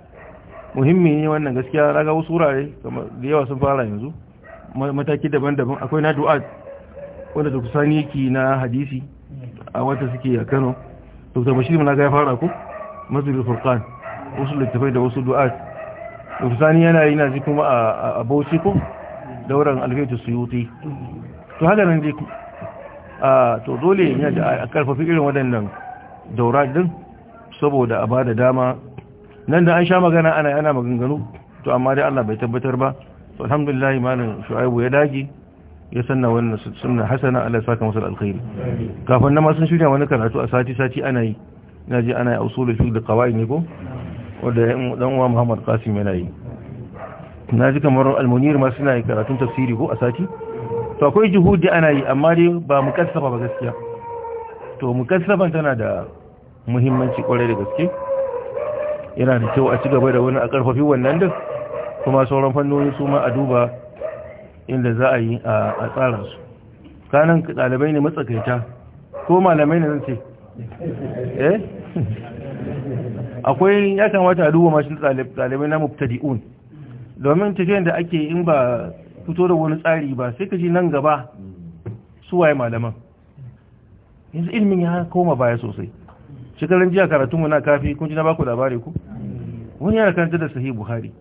muhimmi ne wannan gaskiya raga wasu wurare da yawa sun fara yanzu mataki daban-daban akwai na du'a wanda da kusa yake na hadisi a wata suke a kano dr bashir na ga ya fara ku masjidul furqan wasu littafai da wasu du'a dr sani yana yi na ji kuma a bauchi ko dauran alfaitu suyuti to haka nan dai a to dole ya da a karfafi irin waɗannan daura din saboda a bada dama nan da an sha magana ana yana maganganu to amma dai Allah bai tabbatar ba to alhamdulillah malin shu'aibu ya dage ya sanna wannan sunna hasana Allah ya saka masa alkhairi kafin nan ma sun shirya wani karatu a sati sati ana yi ina ji ana yi usulul fiqh da qawaid ne ko wanda dan uwa Muhammad Qasim yana yi na ji kamar almunir ma suna yi karatun tafsiri ko a sati to akwai juhudi ana yi amma dai ba mu kasaba ba gaskiya to mu kasaban tana da muhimmanci kwarai da gaske yana da kyau a ci gaba da wani a karfafi wannan din kuma sauran fannoni su ma a duba inda za a yi a tsara su kanan ɗalibai ne matsakaita ko malamai ne zan ce eh akwai ya kamata a duba mashin ɗalibai na mubtadi'un domin tafiyan da ake in ba fito da wani tsari ba sai ka ji nan gaba suwaye malaman yanzu ilimin ya koma baya sosai shekarun jiya karatunmu na kafi kun ji na baku labari ku wani yana karanta da sahih buhari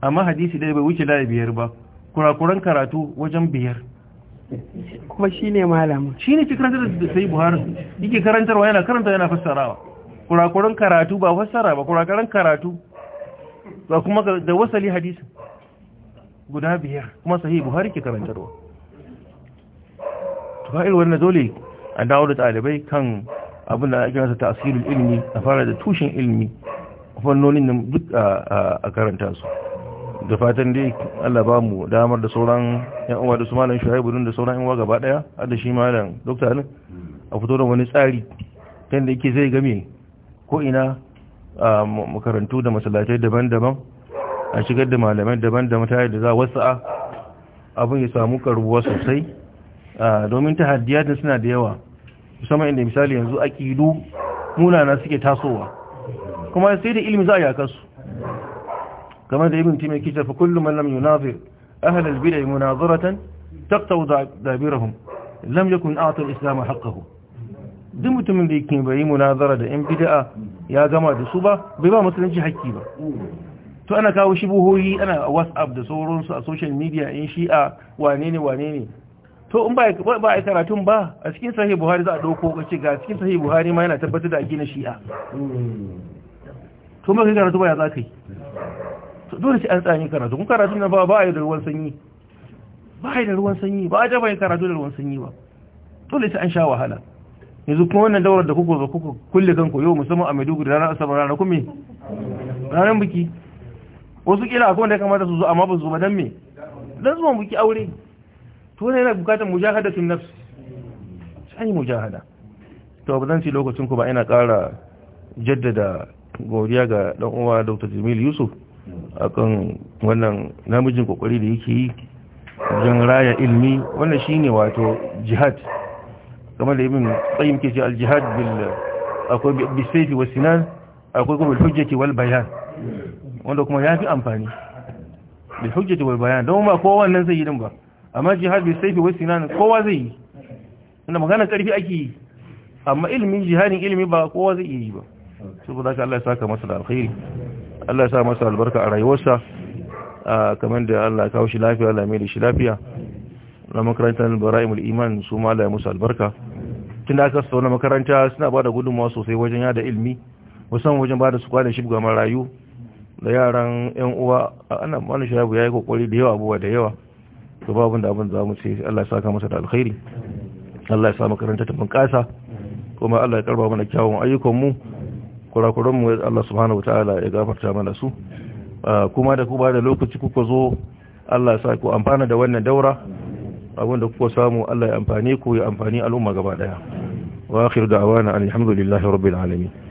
amma hadisi dai bai wuce layi biyar ba kurakuran karatu wajen biyar kuma shi ne malamin shi ne ki karantar da sai buhari yake karantarwa yana karanta yana fassarawa kurakuran karatu ba fassara ba kurakuran karatu ba kuma da wasali hadisi guda biyar kuma sahih buhari ke karantarwa to wani wannan dole a dawo da ɗalibai kan abin da ake nasa tasirin ilimi a fara da tushen ilimi fannonin duk a karanta su da fatan dai Allah ba mu damar da sauran yan uwa da su malam Shuaibu da sauran yan uwa gaba daya har da shi malam Dr. Alin a fito da wani tsari kan da yake zai game ko ina a makarantu da masallatai daban-daban a shigar da malamai daban-daban tare da za a abin ya samu karbuwa sosai domin ta da suna da yawa musamman inda misali yanzu aqidu munana suke tasowa kuma sai da ilimi za a su. كما دعي ابن تيمية كيشة فكل من لم يناظر أهل البدع مناظرة تقتوا دابيرهم لم يكن أعطوا الإسلام حقه دمت من ذي كيم بأي مناظرة دا إن بدأ يا زماء دي صوبة ببا مسلم جي حكي تو أنا كاو شبهوه أنا واس أب دا صورون سوشال ميديا إن شيئا وانيني وانيني تو أم باي با تم با أسكين صحيح بوهاري زا دوكو كشي غاز أسكين صحيح بوهاري ما ينا تبت أجين شيئا تو ما كي كارا تبا يا to dole sai an yin karatu kun karatu na ba ba ya da ruwan sanyi ba ya da ruwan sanyi ba a bai karatu da ruwan sanyi ba dole sai an sha wahala yanzu kuma wannan dawar da kuka zo kuka kulle kanku yau musamman a Maiduguri ranar asabar ranar kuma ranar biki wasu kila akwai wanda ya kamata su zo amma ba su ba dan me dan zuwa biki aure to wannan yana bukatar tun nafs sai mujahada to ba zan ci lokacin ku ba ina ƙara jaddada godiya ga dan uwa Dr. Jamil Yusuf akan wannan namijin kokari da yake yi jan raya ilmi wannan shine wato jihad kamar da ibn qayyim ke ce al jihad bil akwai bi sayfi wa sinan akwai kuma hujjati wal bayan wanda kuma yafi amfani bil hujjati wal bayan don ba kowa wannan zai yi din ba amma jihad bi sayfi wa sinan kowa zai yi ina magana karfi ake yi amma ilmin jihadin ilmi ba kowa zai yi ba saboda haka Allah ya saka masa da alkhairi Allah ya sa masa albarka a rayuwarsa kamar da Allah ya kawo shi lafiya Allah mai da shi lafiya na makarantar bara'imul iman su ma Allah ya musu albarka tun da aka sau na makaranta suna ba da gudunmawa sosai wajen yada ilmi musamman wajen ba da su kwanan shibga marayu da yaran yan uwa ana wani shayabu ya yi kokari da yawa abubuwa da yawa to babu da abin za mu ce Allah ya saka masa da alkhairi Allah ya sa makaranta ta bunƙasa kuma Allah ya karba mana kyawun ayyukanmu mu Allah subhanahu wataala ya gafarta mana su ah, kuma da ku ba da lokaci kuka zo Allah ya sa ku amfana da wannan daura abin da kuka samu Allah ya amfani ku ya amfani al'umma gaba daya wa akhir da'wana alhamdulillahi rabbil alamin